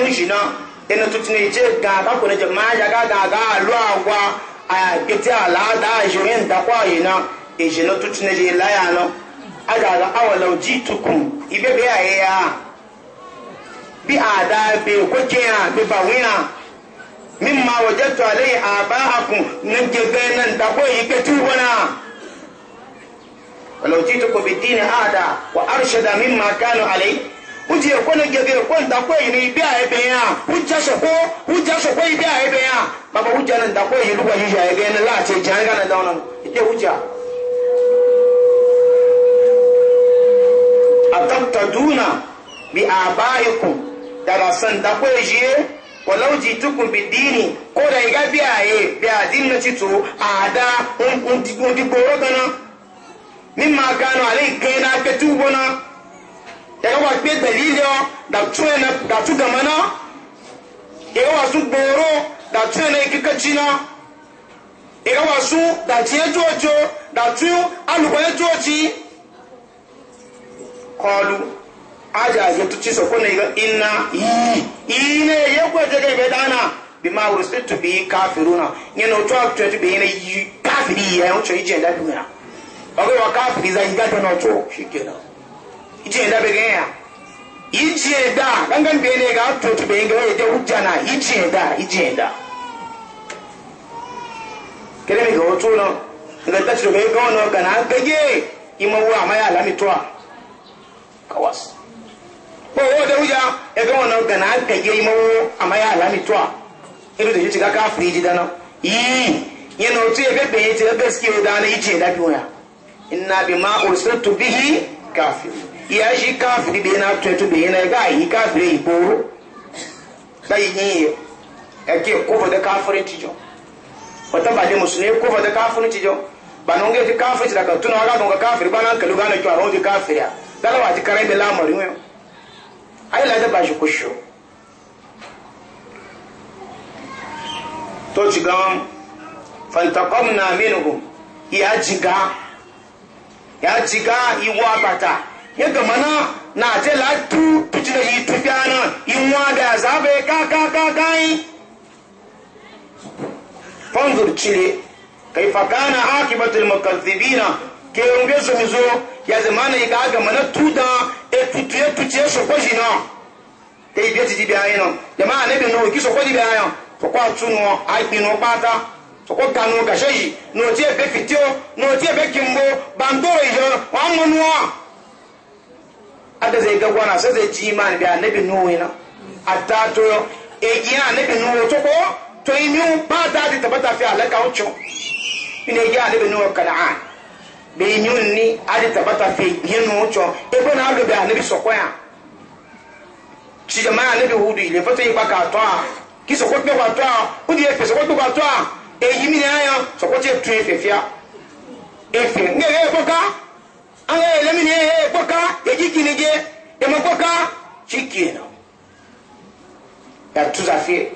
yin shi na ina tutu ne ce ga ka kuna ce ma ya ga ga ga alu agwa a kiti ala da a shirin da kwa yi na e shi na tutu ne je laya na a ga ga awa lauji tukun ibe bi a yi ya bi a da bi ko ke ya bi ba wi ya min ma wajen to alai a ba a kun nan ke gai nan da kwa yi ke tuwa na ولو جئتكم بالدين أعدى وأرشد مما كانوا عليه wújì èkó ní gègé èkó ǹdàkó èyí ní ibi àyẹ̀bẹ̀ yẹn à wújà sọ̀kó wújà sọ̀kó ibi àyẹ̀bẹ̀ yẹn à bàbá wújà ní ǹdàkó èyí lúwa yíyà ẹ̀gẹ́ ní láti ìjà ní gánà dáwọn ìdí wújà. àtàkùtàdúnà bí àbá ikùn dàrà sàn ǹdàkó èyí yẹ wọ̀lọ́wọ́ jì tukùn bí díìnì kó dà ìgá bí àyè bí ẹ̀wà gbé gbẹ̀lílẹ̀ ọ dàtú gàmọ́ náà ẹ̀wà sún gbòòrò dàtú ẹ̀nà kíkẹ́jì náà ẹ̀wà sún dàtí ẹjọ́ ọjọ́ dàtú alùpọ̀ ẹjọ́ ọjì kọlu ajajin tuci su kuna ga inna yi yi ne ya kwaje ga ibe dana bi ma wurin to bi kafiruna ni no to to to bi ne yi kafiri ya wuce yi eh, jenda duniya ba ga kafiri za yi ga to no to ije da be ya ije da gangan be ne ga to to be ga ije hujja na ije da ije da kere me ga wato no ga ta to be ga no ga na ga ye ima wa ma ya lami to kawas ko wo da hujja e ga no ga na ga ye ima wa ma ya lami to iru da ji ga ka friji da no yi yana otu ebe benye ti gaskiya da na ije da biya inna bima ursiltu bihi kafirun ya shi kafiri bai na tuntun bai na ga yi kafiri yi boro sai yi ya ke kofa da kafirin tijo wata ba da musulmi kofa da kafirin tijo ba na ungeti kafirin tijo daga tuna waka dunga kafiri ba nan kalu gane kyau a rawar kafiri ya dalawa ti karai bai lamarin yau ayi lada ba shi kusho to ci gawan fantakom na minuhu ya jiga ya jiga iwo abata ya gama na na je la tu tuci da yi tu gana inwa da zabe ka ka ka gai fanzur cire kai fakana akibatul mukazzibina ke unge so mizo ya zamana yi ga gama na tu da e tutu ya e tuci ya e sokwa jina te ibe ti dibe ayin jama ne bi no ki sokwa dibe ayin sokwa tuno ai bi no pata sokwa kanu gashe yi no ti e be fitio no ti e be kimbo bandoro e yo wa monu ada zai ga gwana sai zai ji imani bi annabi nuhu ina atta to e giya annabi nuhu to ko to yi miu ba ta di tabata fi alaka ucho ina giya annabi nuhu kana'an be miu ni adi tabata fi yinu ucho e bo na lo bi annabi sokoya ci jama annabi hudu ile fato yi ba ka to a ki sokwa pe kwa to a o di efe sokwa pe kwa to a e yi mi ne ayo sokwa ti tu efe fia efe ngere foka ni anga elemini ehe kwaka yejikinije emakwaka shikenan yatuzafie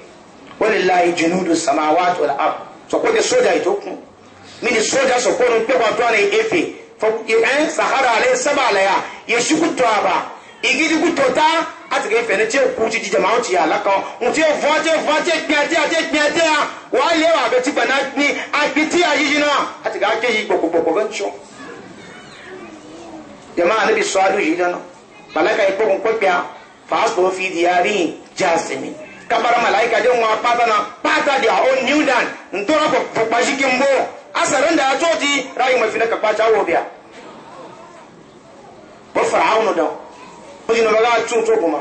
walillahi junudu samawati wal ard sokoje soja itokun mini soja sokono pe kwa twana efe fa eh sahara ale saba ala ya yeshiku twaba igidi kutota ati ke fene che ku ti jama ti ala kan un ti vo je vo je gbe ti ate gbe ti a wa le wa be ti bana ni agbi ti ayijina ati ga ke yi gbogbo gbogbo gan chon jama anabi sọ́ọ́dù yìí lọ́nà malaka yìí kpọ́kùn kpọ́kpẹ́à fàásùpọ̀ fi di yàrá yìí jásìmì kabara malaika de wọn pátá na pátá di àwọn new dan ntọ́ra pọ̀pọ̀ sí kí n bọ̀ asàrẹ́ ndà àtọ́ ti ráyè mọ̀ fi ne kàkpá ca wọ̀ bíà bọ́ fara àwọn nà dán o ti nàbàgà tún tó bọ̀ ma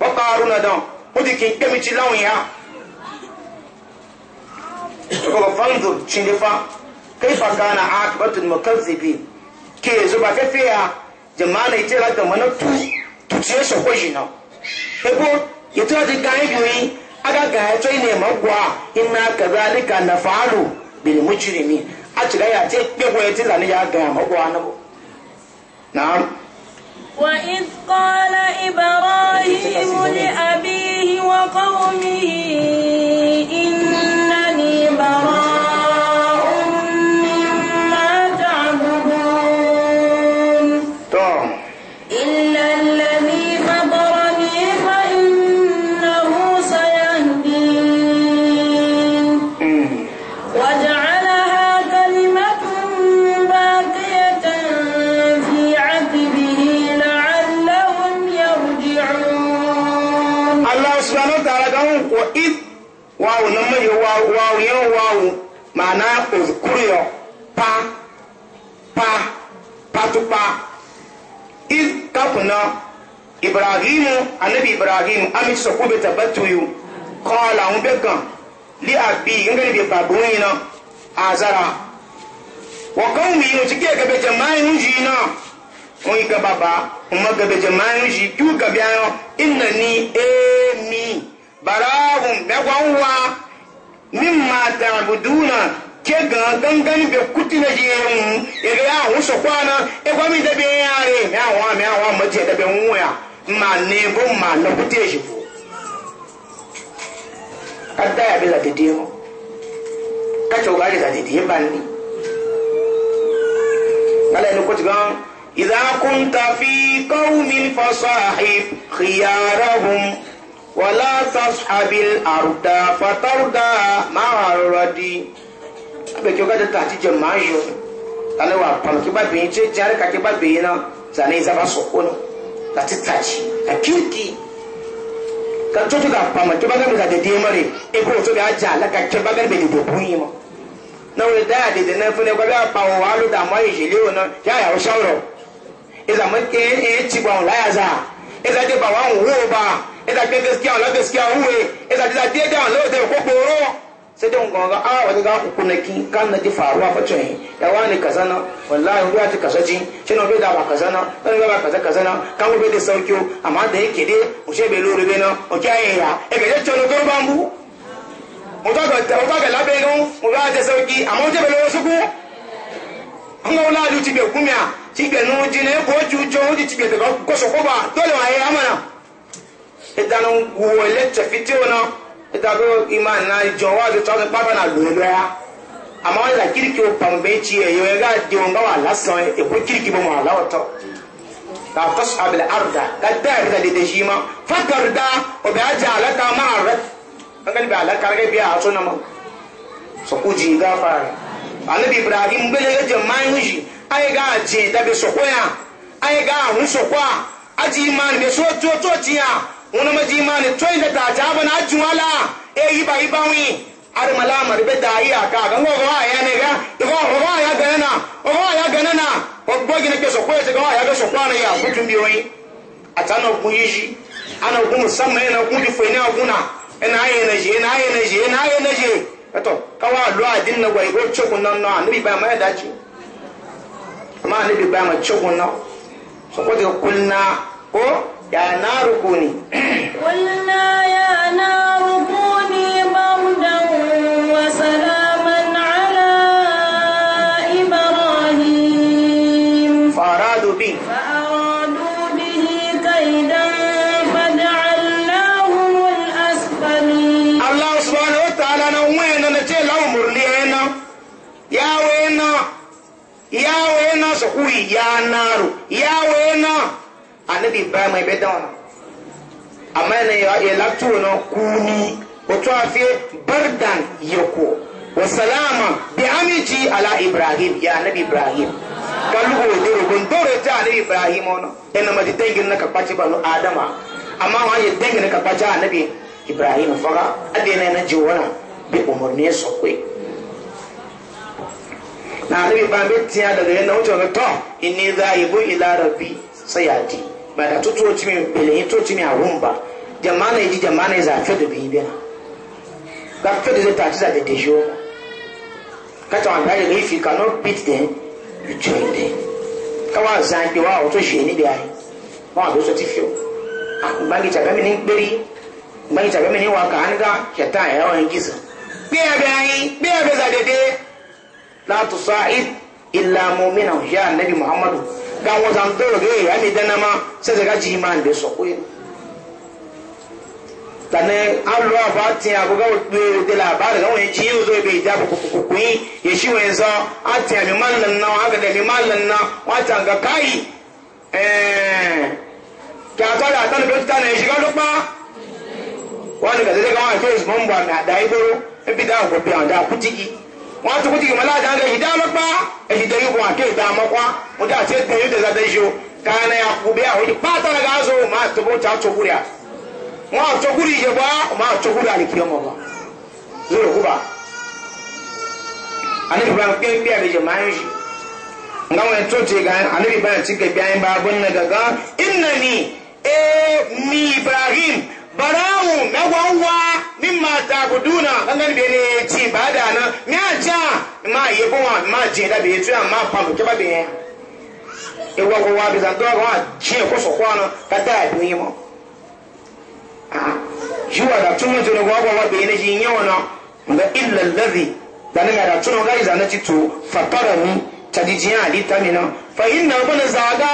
bọ́ kaaru nà dán o ti kì í kẹ́mi ti láwọn yà kọ́kọ́ fanzo tsindifa kéfà gánà àkàbàtò mọ̀kànzìbì. ke yezu ba fefe ya jama na ite la dama na tu tu tiye sɔkɔ yina ebo yetu adi aga gan eto yi ina ka nafa alo bene mu jiri a ati ka ya ti kpekpe eti la ne ya ga ama gua na bo naam. وإذ قال إبراهيم لأبيه maana uzkurio pa pa patupa iz kapuna ibrahimu anabi ibrahimu ami sɔku bɛ tabatuyu kɔɔla ŋun bɛ gan li abi ŋgani bɛ babu ŋun na azara wa kan wi ŋun ti kɛ gɛbɛ jamaa ŋun zi na ŋun yi gaba ba ŋun ma gɛbɛ jamaa ŋun zi tu gɛbɛ ayɔ ina ni ee mi bara ŋun bɛ gɔn waa. mimma ta'buduna ke ga gangan be kuti na je mu e ga ya hu so kwana e gwa mi da be yare me awa me awa ma je da be ya ma ne bo ma na kuti e je fu kada ya bila de de ka cho ga da de de ban ni ala ni kuti ga idza kunta fi qaumin fasahib khiyarahum ولا تصحب الأرض فترضى مع الرد abe kyo kada ta ti jama yo tale wa palo ki ba be je jare ka ki ba be na zane za ba so ono ta ti ta ji ka kirki ka to ka pa ma ki ba ga mi ka de de mare e ko to ga ja la ka ki ba ga be de bu yi mo na we da de de na fu ne ba ga pa o wa lu da ma yi e e e je ita gbe gaskiya la gaskiya huwe ita da de da lo de ko goro sai dai ngon ga ah wani ga ku na ki kan na ji faruwa fa tun ya wani kaza na wallahi ruwa ta kaza ji shi no be da ba kaza na dan ga ba kaza kaza na kan be da sauki amma da yake dai mu she be lori e ga je bambu mo ta ga mo ta ga la be gon mo ba ta wala lu ti be kumya ti be no ji ne ko ju jo amana ìdáná wo ẹlẹ́tẹ̀ fi tí ó ná ìdáná ìmọ̀ àná ìjọ wá ju tọ́sí pápá náà lò lọ́ ya àmọ́ ìlà kíríkì ó pàmò bẹ́ẹ̀ tí ẹ̀yọ́ ẹ̀gá di wọn báwa lásán èkó kíríkì bọ́ wọn àláwọ̀ tọ́ làtọ́ sàbẹ̀lẹ̀ àrùdà gàdá ìrìnà dédé sí ma fàtàrùdà ọ̀bẹ̀ ajá àlẹ́ta máa rẹ̀ kankan bẹ̀ àlẹ́ka rẹ̀ bí àtún náà mọ̀ sọ̀kú jì í gáfà rẹ̀ alẹ́bí ibrahim gbẹ́lẹ́ ẹ̀jẹ̀ máa ń yìí ayé gá àjẹ́ ìdábẹ̀ sọ̀kọ́ yà ayé gá àrùn sọ̀kọ́ à ájì ìmọ̀ àrùn wọn eh, ma ji ma ni tɔyin da taa bana a arimala yi aka a ya na ko ko a yɛ gɛnɛ na ko gbɔ gina a na ya a ko a yi zi a na musamman na kun di ne a na ɛ na yɛ na zi ɛ na yɛ na zi ɛ na yɛ na lo a na ko na a ba ma da ma ba ma na ya naru kuni qulna ya salaman ibrahim wa na wena na ce lawo murli ya ya su ya naru ya anabi ibrahim ebe da wani amma yana ya latu no kuni wato a fiye bardan yoko wa salama bi amiji ala ibrahim ya anabi ibrahim kallugo wa doro gun doro ta anabi ibrahim wani ma maji dangin na ba no adama amma wani ya dangin na kakpaci anabi ibrahim faga na yana ji wani bi umarni sokwe na anabi ibrahim bai tiya daga yana na wani to inni za a yi ila rabbi sayati ba da tutuwa cimi belen tutuwa cimi a rumba jamana yi jamana yi za fe da bi bena ba fe da zai taci za da ta shiwo kata wa bari ga ifi kano beat them you join them kawa zan pe wa auto shi ni bi ai wa do so ti fio a ba gi ta ga mi ni peri ba gi ta ga mi ni wa ka an ga keta ya wa ngisa bi ya bi ai bi ya bi za de de la tusa'id illa mu'minan ya annabi muhammadu ga wazan doro ge Ani ni dana ma sai daga ji ma ande so ko tane allo aba ti abu ga de de la ba ga won ji yo zo be ja ko ko ko yi ye mi man nan na wa ga mi man nan na wa ta ga kai eh ka ta da tan do ta na shi ga lo pa wa ni ga de ga wa ke is mon ba na da iboro e bi da ko bi da kutiki wọn tó kuti kìmọ̀lá àti àndé ìdá ọlọ́pàá ẹ̀dìdẹ́ yìí wọn àké ìdá ọmọkwa wọn tó àti ẹ̀dùn yìí dẹ̀sà dẹ́sí o kàánà yà kú bẹ́ẹ̀ àwọn pátá la gàá sọ wọn àtọ́kù tí a tókù rẹ̀ wọn àtọ́kù rẹ̀ yẹ bọ́ wọn àtọ́kù rẹ̀ àlè kìlọ̀ mọ̀mọ́ lórí òkú bá ale bìbá ké bí a lè jẹ máa ń yí nga wọn tó ti gan ale bìbá ti kẹ bí a yẹn bá bọ́ nínú gàgán mi ibrahim barahu mẹ́wàá mímọ àtàkùdù náà gángan bíi ní ti ìbàdàn náà ní àjà máa yẹ fún wọn máa jẹ dábìí ètò yà máa pa àbùkẹ́ bá bìyẹn ewa ko wa bisa ndo wa chie ko sokwa no kada duimo ah juwa da tumo jone e wa wa wa bene e ji nyo no nga illa alladhi dana ga da tuno ga izana titu fatarahu tadijia ali tamino fa inna bana zaga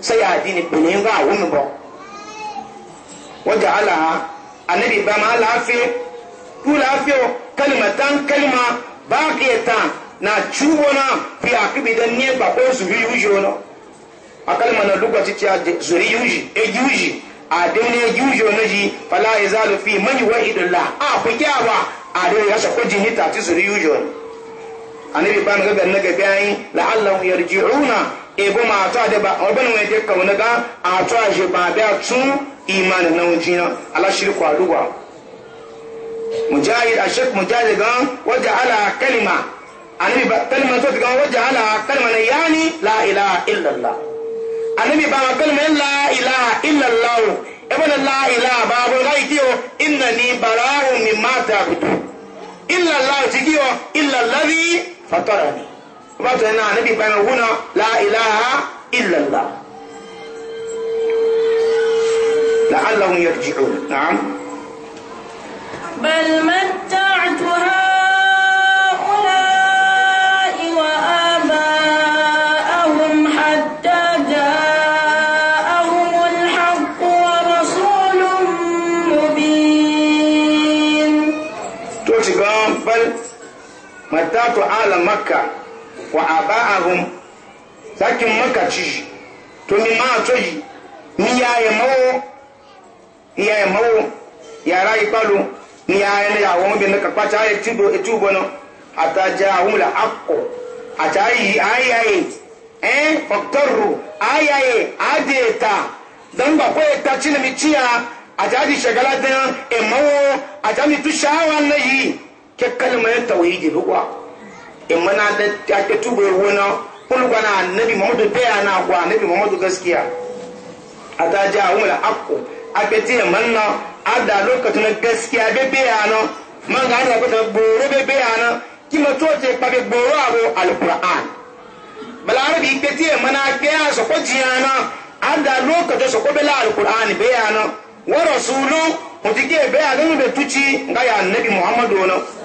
sayadini bene nga awun wọ́n jà á là á anabi ìbámu aláàfẹ́ kú láàfẹ́ o kálímà tán kálímà báàkì ẹ̀ tán na ciwo na fi akibi da ne ba ko su yi yuji wani a kalmar na lokaci ta zuri yuji e yuji a daune yuji wani ji fala ya zalu fi mani wa idalla a ku kya ba a dai ya shakko jini ta ti zuri yuji wani annabi ba ga ganna ga bayan la'allahu yarji'una e bo ma ta da ba wani mai da kauna ga a ta je ba imanin na wajina alashiri kwaduwa mujahid ashek mujahid gan wajen ala kalima anabi ba kalima to gan wajen ala kalima na yani la ilaha illallah anabi ba ma kalima la ilaha illallah ibn la ilaha ba bo ga ikiyo innani bara'u mimma ta'budu illallah tikiyo illallazi fatarani wato yana anabi ba ma huna la ilaha illallah لعلهم يرجعون نعم بل متعت هؤلاء وآباءهم حتى جاءهم الحق ورسول مبين توتقام بل متعت على مكة وآباءهم لكن مكة تجي تمي ما تجي مياه يمو iya ya mawo yi kpalu ni ya yana ya wani bin ka kwacha ya tubo ya tubo no ata ja humla akko ata yi ayaye eh faktaru ayaye adeta dan ba ko ta shagala e mawo ata na yi ke kalmar tauhidi e ya wona kullu kana annabi muhammadu bayana annabi akpɛti man nɔ ada lokacin na gaskiya bebe ya nɔ man ga ana kusa gboro bebe ya nɔ kima to te kpabe gboro abo alquran balarabi kpɛti man agbɛya sɔkɔ jiya nɔ ada lokacin sɔkɔ bela alquran be ya nɔ wa rasulu o ti ke be ya ganu be tuci nga ya nabi muhammadu nɔ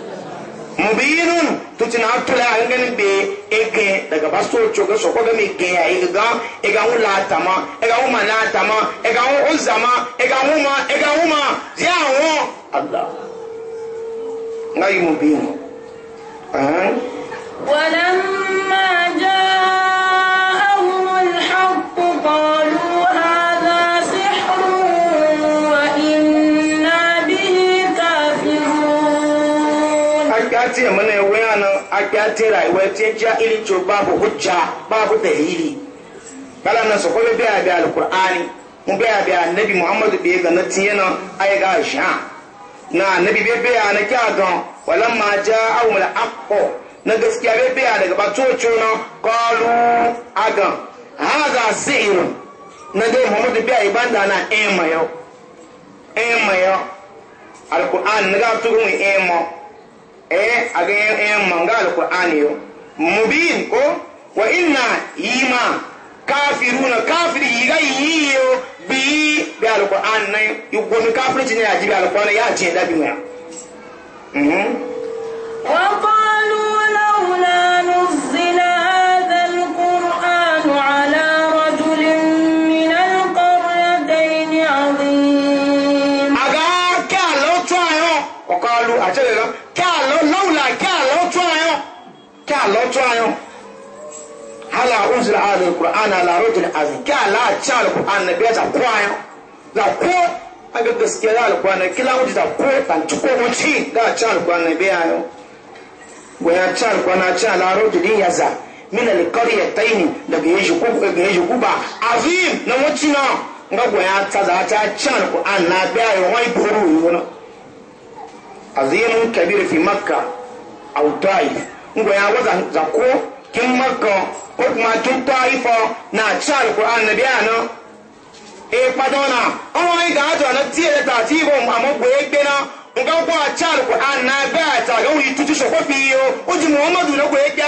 mubinun tutina tula an ganin be ege daga baso coga so koga mi ge ya ega ega wu latama ega wu manatama ega wu uzama ega wu ma ega wu ma ya wo allah ngai mubin eh walam te rayuwa te jahilci babu hujja babu dalili bala na su kuma biya biya alkur'ani mu biya biya annabi muhammadu biya ga na tiyana ai ga sha na annabi biya biya na kya gan walan ma ja awul na gaskiya biya biya daga batocho na qalu agan na dai muhammadu biya ibanda na alkur'ani na ga tugun emo e eh, a ga yan manga alkur'ani yo mubin ko wa inna yima kafiruna kafiri yiga yiyo bi bi alkur'ani na yugonu kafiri jini ya jibi alkur'ani ya ce mu ya وقالوا da نزل هذا القرآن على رجل من القريتين عظيم أغا kí hala ayọ́ hálà ounzila àlọ́ ìkùrán àlọ́ jẹ́ àzìn kí àlọ́ àti àlọ́ ìkùrán nàbí ẹ̀ta kó ayọ́ là kó aga gaskiya da alkuwa na kila wuce ta ko tanci ci alkuwa na biya yau waya ci alkuwa na ci alaro jiri ya za min alkari ya taini daga ya shi kuka ga ya shi azim na wuce na nga goya ta za ta ci alkuwa na biya yau wani buru yi wani azimun kabir fi makka autai ngwa ya waza zako kin makka ko kuma kin na ci alquran nabi e na awon ga ajo na tiye ta ti bo amo gbe gbe na nga a ci alquran na a ta ga wi tutu so fi o muhammadu na gbe gbe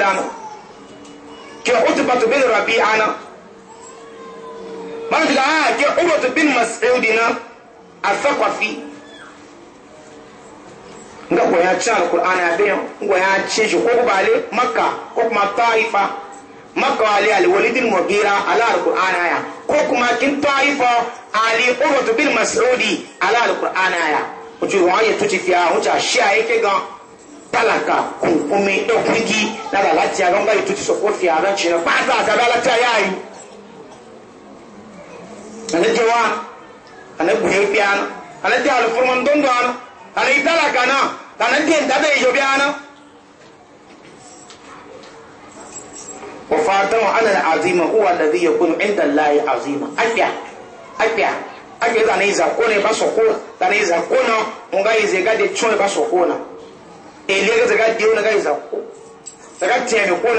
na na ki utbatu bin rabi'a bin na nga gonya cin alkur'ani a bayan gonya ce shi ko bale maka ko kuma ta'ifa makka wale alwalidin mugira ala alkur'ani ya ko kuma kin ta'ifa ali urwatu bin mas'udi ala alkur'ani ya wato wa ya tuti fiya wuta shi a yake ga talaka kunkumi da kungi a da latiya ga ngai tuti so ko fiya ran ci na ba za ka da latiya yayi ana jawa ana buhe piano ana ta alfurman don don tànà ìtàlàkà náà tànà ń ana. daga tiya ne ko ko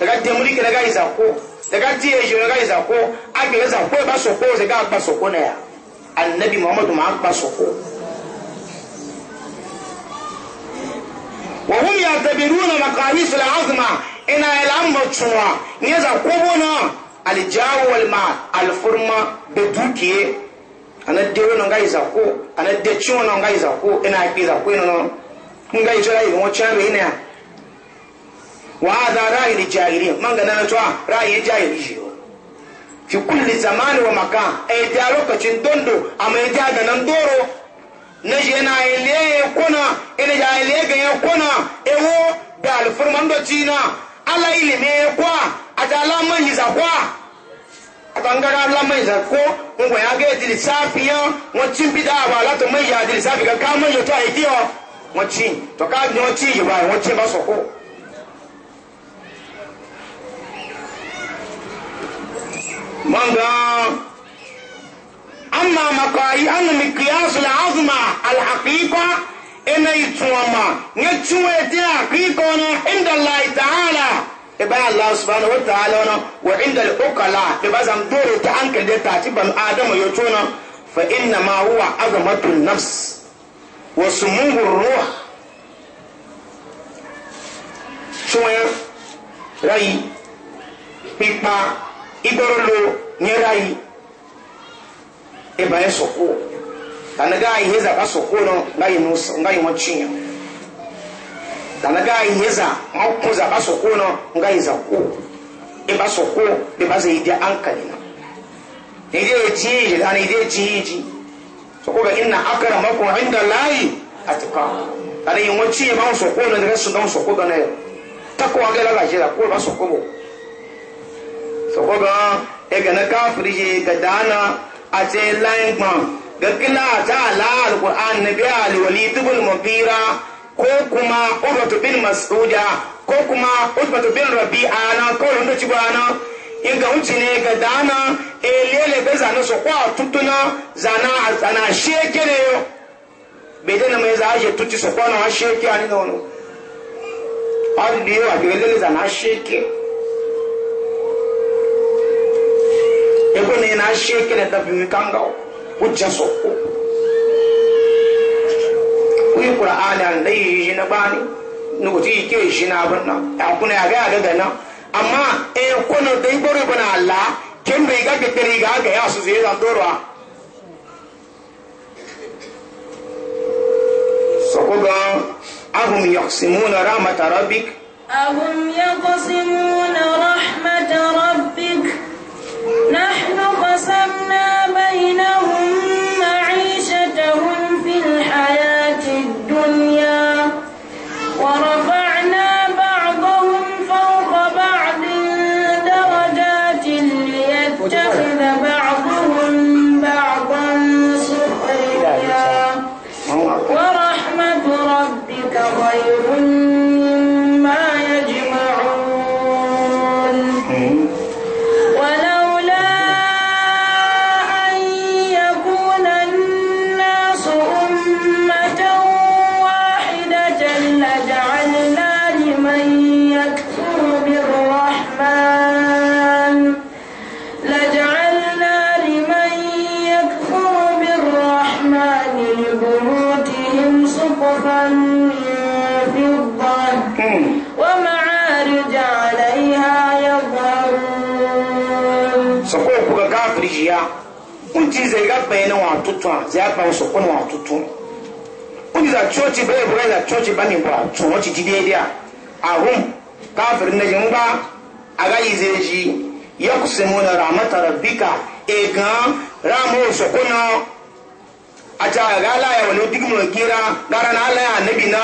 daga tiya ko daga tiya ko ko ba so ko ba so na ya annabi muhammadu ma ba so وهم يعتبرون مقاييس العظمى إن الأمر شوا نيزا كوبونا الجاو والماء الفرما بدوكي أنا ديونا نغاي زاكو أنا ديتشونا نغاي زاكو إنا أكي زاكو إنا نغاي جلاي وشامي هنا وهذا رأي الجاهلين من قد نتوى رأي الجاهلين في كل زمان ومكان أي ديالوكة دوندو أما يديالنا ندورو na je na ile kuna ina ja ile ga ya kuna ewo da alfurman tina ala ilimi kwa atala man yiza kwa atangara ala man yiza ko ngwa ya ga dili safi ya won tin bi da wa lato man ya dili safi ga ka man yo ta idi o won tin to ka ni won tin yi wa won ba so ko manga أما مقاي أن مقياس العظمة الحقيقة إن يتوما نتوى دي حقيقة عند الله تعالى إبا الله سبحانه وتعالى وعند الأقلاء إبا زمدور تعنك دي تعتبا آدم يتونا فإنما هو عظمة النفس وسموه الروح شوية رأي بيبا إبرلو نراي eba ye soko tani gaa iheza ka soko no nga yi nusa nga yi iheza ma ka soko no nga yi zako eba soko eba zai na ni je jiji da ni je ga akara mako inda layi atika tani yi wachinya ma soko no daga su don soko na ya takwa ga ega na kafiri ga dana àti láyé gbọ̀n gẹ́gẹ́ láàtà aláàlùkù ànàbí àlùwàlì dúbùl mọ̀bíra ko kuma urwatu bin mas'uda ko kuma urwatu bin rabi'a na ko wanda ci bana inga wuce ne ga dana elele be zana so kwa tutuna zana zana shekere yo be dana mai za je tuti so kwa na shekere ani da wono adi yo a ga lele zana shekere ebe na ị na-achị ekele dabiri ka nga hujja sokko kuyi qur'ani da yi shi na bani ni ko yi ke shi na abun nan ya kuna ya ga ga nan amma e kono dai boro bana Allah kin bai ga ga dari ga ga ya su zai zan dorwa soko ga ahum yaqsimuna rahmat rabbik ahum yaqsimuna rahmat rabbik نحن قسمنا بينهم معيشتهم في الحياة الدنيا ورفعنا بعضهم فوق بعض درجات ليتخذ بعضهم بعضا سخريا ورحمة ربك خير kpɛɛ ne wɔn atoto a zaa kpɛɛ so ko ne wɔn atoto za chɔɔchi bɛyɛ bɔra za chɔɔchi ba ne bɔra tɔn wɔn titi a ahom káfíìrì ne yi ŋgbà aga yi zee zi na rabika egan ramu soko na ati aga alaya wani gara na alaya anabi na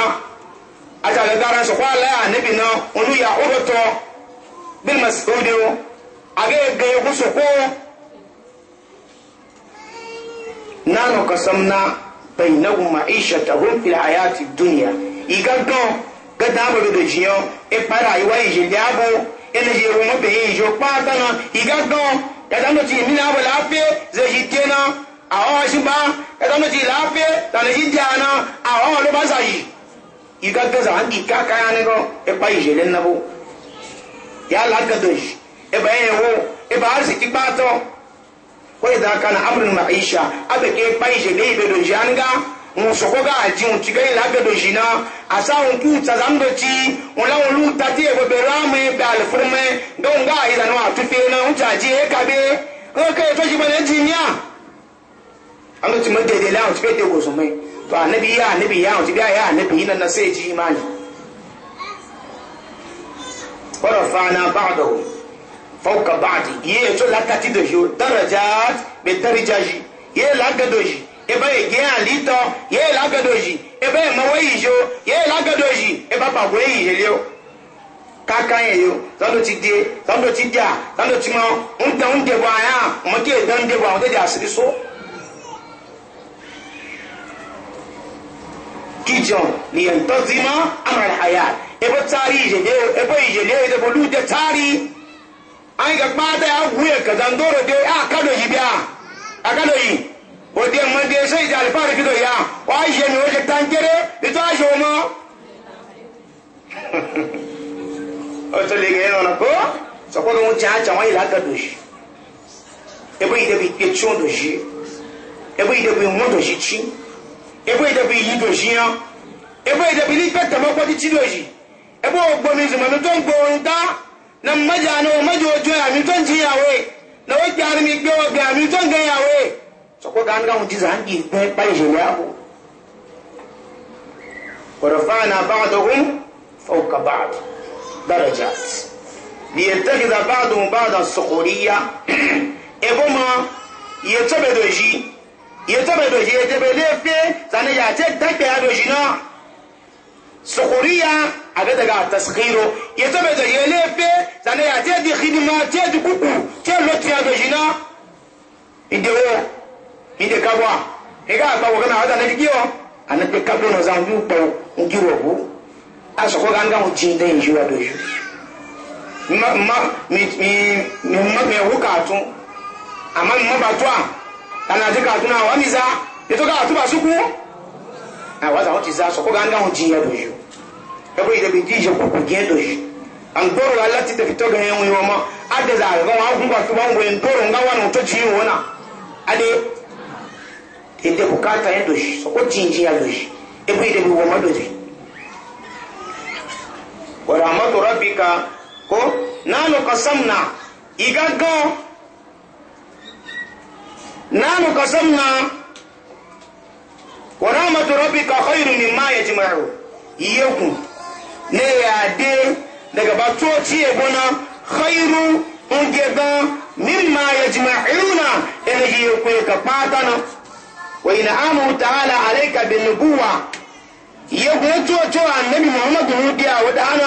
ati gara soko anabi na onu ya ɔrɔtɔ bí masakɛ o nanu kasamna bainahum ma'ishatahum fil hayati dunya iganto gada mo do jiyan e para iwa ije liabo ene je ro mo be ijo pa tana iganto gada mo ti mi na bo la pe ze ji tena awon si ba gada mo ti la pe tana ji jana awon lo ba sa yi iganto za an ka kaya ne go e pa ije le bo ya la gado ji e ba e wo e ba si ti pa to وإذا كان أمر المعيشة أبكي بايش لي بدوجانغا musokoga aji ntiga ila gado na asa unku tazando ti ola olu tati e bebe rame be alfurme ga unga ila no atufe na unta aji e kabe oke to ji bana ji nya an ti mo dede la unti bede go so to anabi ya anabi ya bi anabi na na eji ji imani ورفعنا بعضهم fauka ba'di ye to lakati do jo darajat be darajaji ye lagadoji e ba ye gyan lito ye lagadoji e ba ye mawai jo ye lagadoji e ba ba wei je lio kaka ye yo zando ti de zando ti dia zando ti mo unta unte ba ya mo ke dan de ba o de asiri so kijon ni yantazima amra alhayat ebo tari je de ebo je de ebo lu de tari an ga kpata ya huye ah, ka zandoro de a kado yi biya a kado yi o de man de sai da alfari kido ya o a je mi o je tangere de to a je mo ko so ko mo cha cha wa ila kado shi e bo ide bi ke chon do shi e bo ide bi mo do shi chi e bo ide bi yi do shi ya e bo ide bi ni pe tamo ko ti chi do shi e bo gbo mi zuma no nta na mmaja na ọmaja ojú àmì tó ń jí yàwé na ó gbé àmì gbé ọgbẹ àmì tó ń gẹ yàwé sọkọ dáná káwọn jí sàn kì í gbẹ báyìí ṣe wẹ́ àbò. kọ̀dọ̀ fáànà báàdọ̀hún fọwọ́kà báàdù dárẹ̀jà ni yẹtẹ́kìtà báàdùn báàdà sọ̀kòríyá ẹ̀bọ́n mọ yẹtọ́bẹ̀dọ̀jì yẹtọ́bẹ̀dọ̀jì yẹtẹ́bẹ̀lẹ́fẹ́ sànẹ́yà àti ẹ̀dẹ́gbẹ̀yà dọ̀jì náà sukuriya a bɛ daga tasukiro yɛtɔ bɛ jɔ yɛlɛ pe sani a tɛ di hidima tɛ di kuku tɛ lɔ tiɲɛ dɔ yina ide wo ide ka bɔ a i ka gbawo kana a zan ne giyɔ pe kabdo na zan ju kpɔ n wɔ ko a sɔgɔ ka n ka n wa do yi ma ma mi mi mi ma mi wu k'a tun a ma mi ma ba to a kana ti k'a na wa mi za yɛtɔ k'a ba suku. awaza wati za so ko ganga hun jiya do yo kabo ida bin jiya ko ko gedo yi an goro la lati da fito ga yan yo ma ade za ga wa kun ba su ba ngwe goro nga wa no to ji yo na ade inde ko ka ta yedo so ko jinjiya do yo e bi ida bi wo ma do yo wa rahmatu rabbika ko nanu qasamna igago nanu qasamna wọ́rọ́mọ̀tò rọ́bì kọ́kọ́ ìlú mi máa yẹ ti mọ̀ ẹ̀rọ ìyẹ́kù ní ìyàdé dàgbà tó tí ègbó náà xayiru oúnjẹ gan mímà yẹ ti mọ̀ ẹ̀rù náà ẹni ìyẹ́kù yẹ kà pátá náà wọ́yìn àmú tààlà àlẹ́ nìbúwà ìyẹ́kù tó tó ànábì muhammadu rúdi àwọn dáná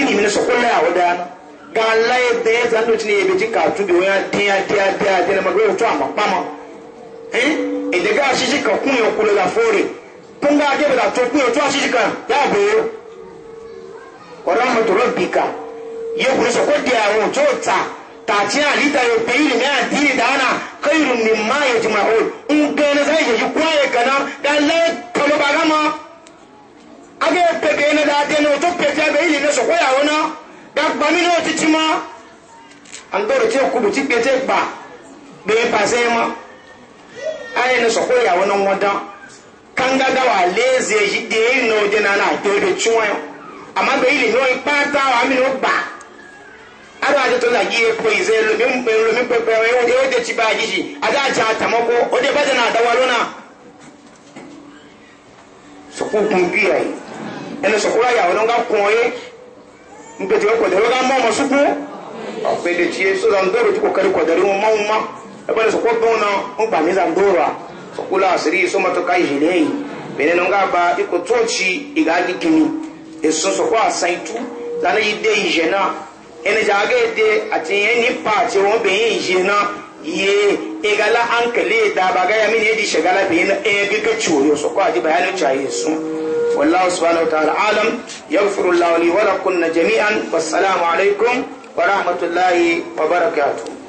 ilimi ne sɔkpɛ lɛ awɔ da yanu gan lɛ bɛɛ zan do tini ebi ti kaatu bi wɔnya diya diya diya diya ne ma bɛ wotɔ ama kpama ɛn edega asisi ka kun yɛ kulo la foori kunga adi bɛ la to kun yɛ to asisi kan yaa bɛ yɛ kɔrɔ ma tɔrɔ bi ka yɛ kun sɔkpɛ diya wɔn t'o ta tàti àlítà yóò pé ìlú ní àdínì dáná kéyìrì ní máa yẹ jùmọ̀ ò ń gẹ́ni sáyẹ̀ yìí kú àyè aga epepe ene da ade no to pepe abe ili ne so kwa yawo na da gba mi no titi mo andoro ti okubu ti pe te be pa se mo aye ne so kwa yawo na mo da kanga da wa leze yi de na na to de chuwa yo e. ama be ili no ipa ta wa mi no gba ara aje to la e ize lo mi mpe lo mi pepe o de o de ti ba jiji ada aja atamoko o de ba na da na sokun kun bi ayi e. ẹni sọkúrò àyàwó náà ń ká kún ọ yé ń pètè wọ́n kọ̀dẹ̀rẹ́ wọ́n ká mọ́ ọmọ sukú ọ̀pẹ̀lẹ̀ tiẹ̀ sọ́dọ̀ ń dọ̀rọ̀ tí kò kẹ́rì kọ̀dẹ̀rẹ́ wọn máa ń má ẹgbẹ́ sọkú dùn náà ń gbà mí zandora sọkúrò àṣírí sọmọtọ́ka ìhìlẹ̀ yìí bẹ̀rẹ̀ náà ń ká ba ikọ̀ tóòtì ìgáàdì kìíní èso sọkú àṣàìtú lánà yìí dé ìyẹ̀ náà ẹni jàgé dé àti ẹni pa ye igala da bagaya mini yedi shagala bi na e gike ciwo yo so ko aji bayanu والله سبحانه وتعالى عالم يغفر الله لي ولكم جميعا والسلام عليكم ورحمة الله وبركاته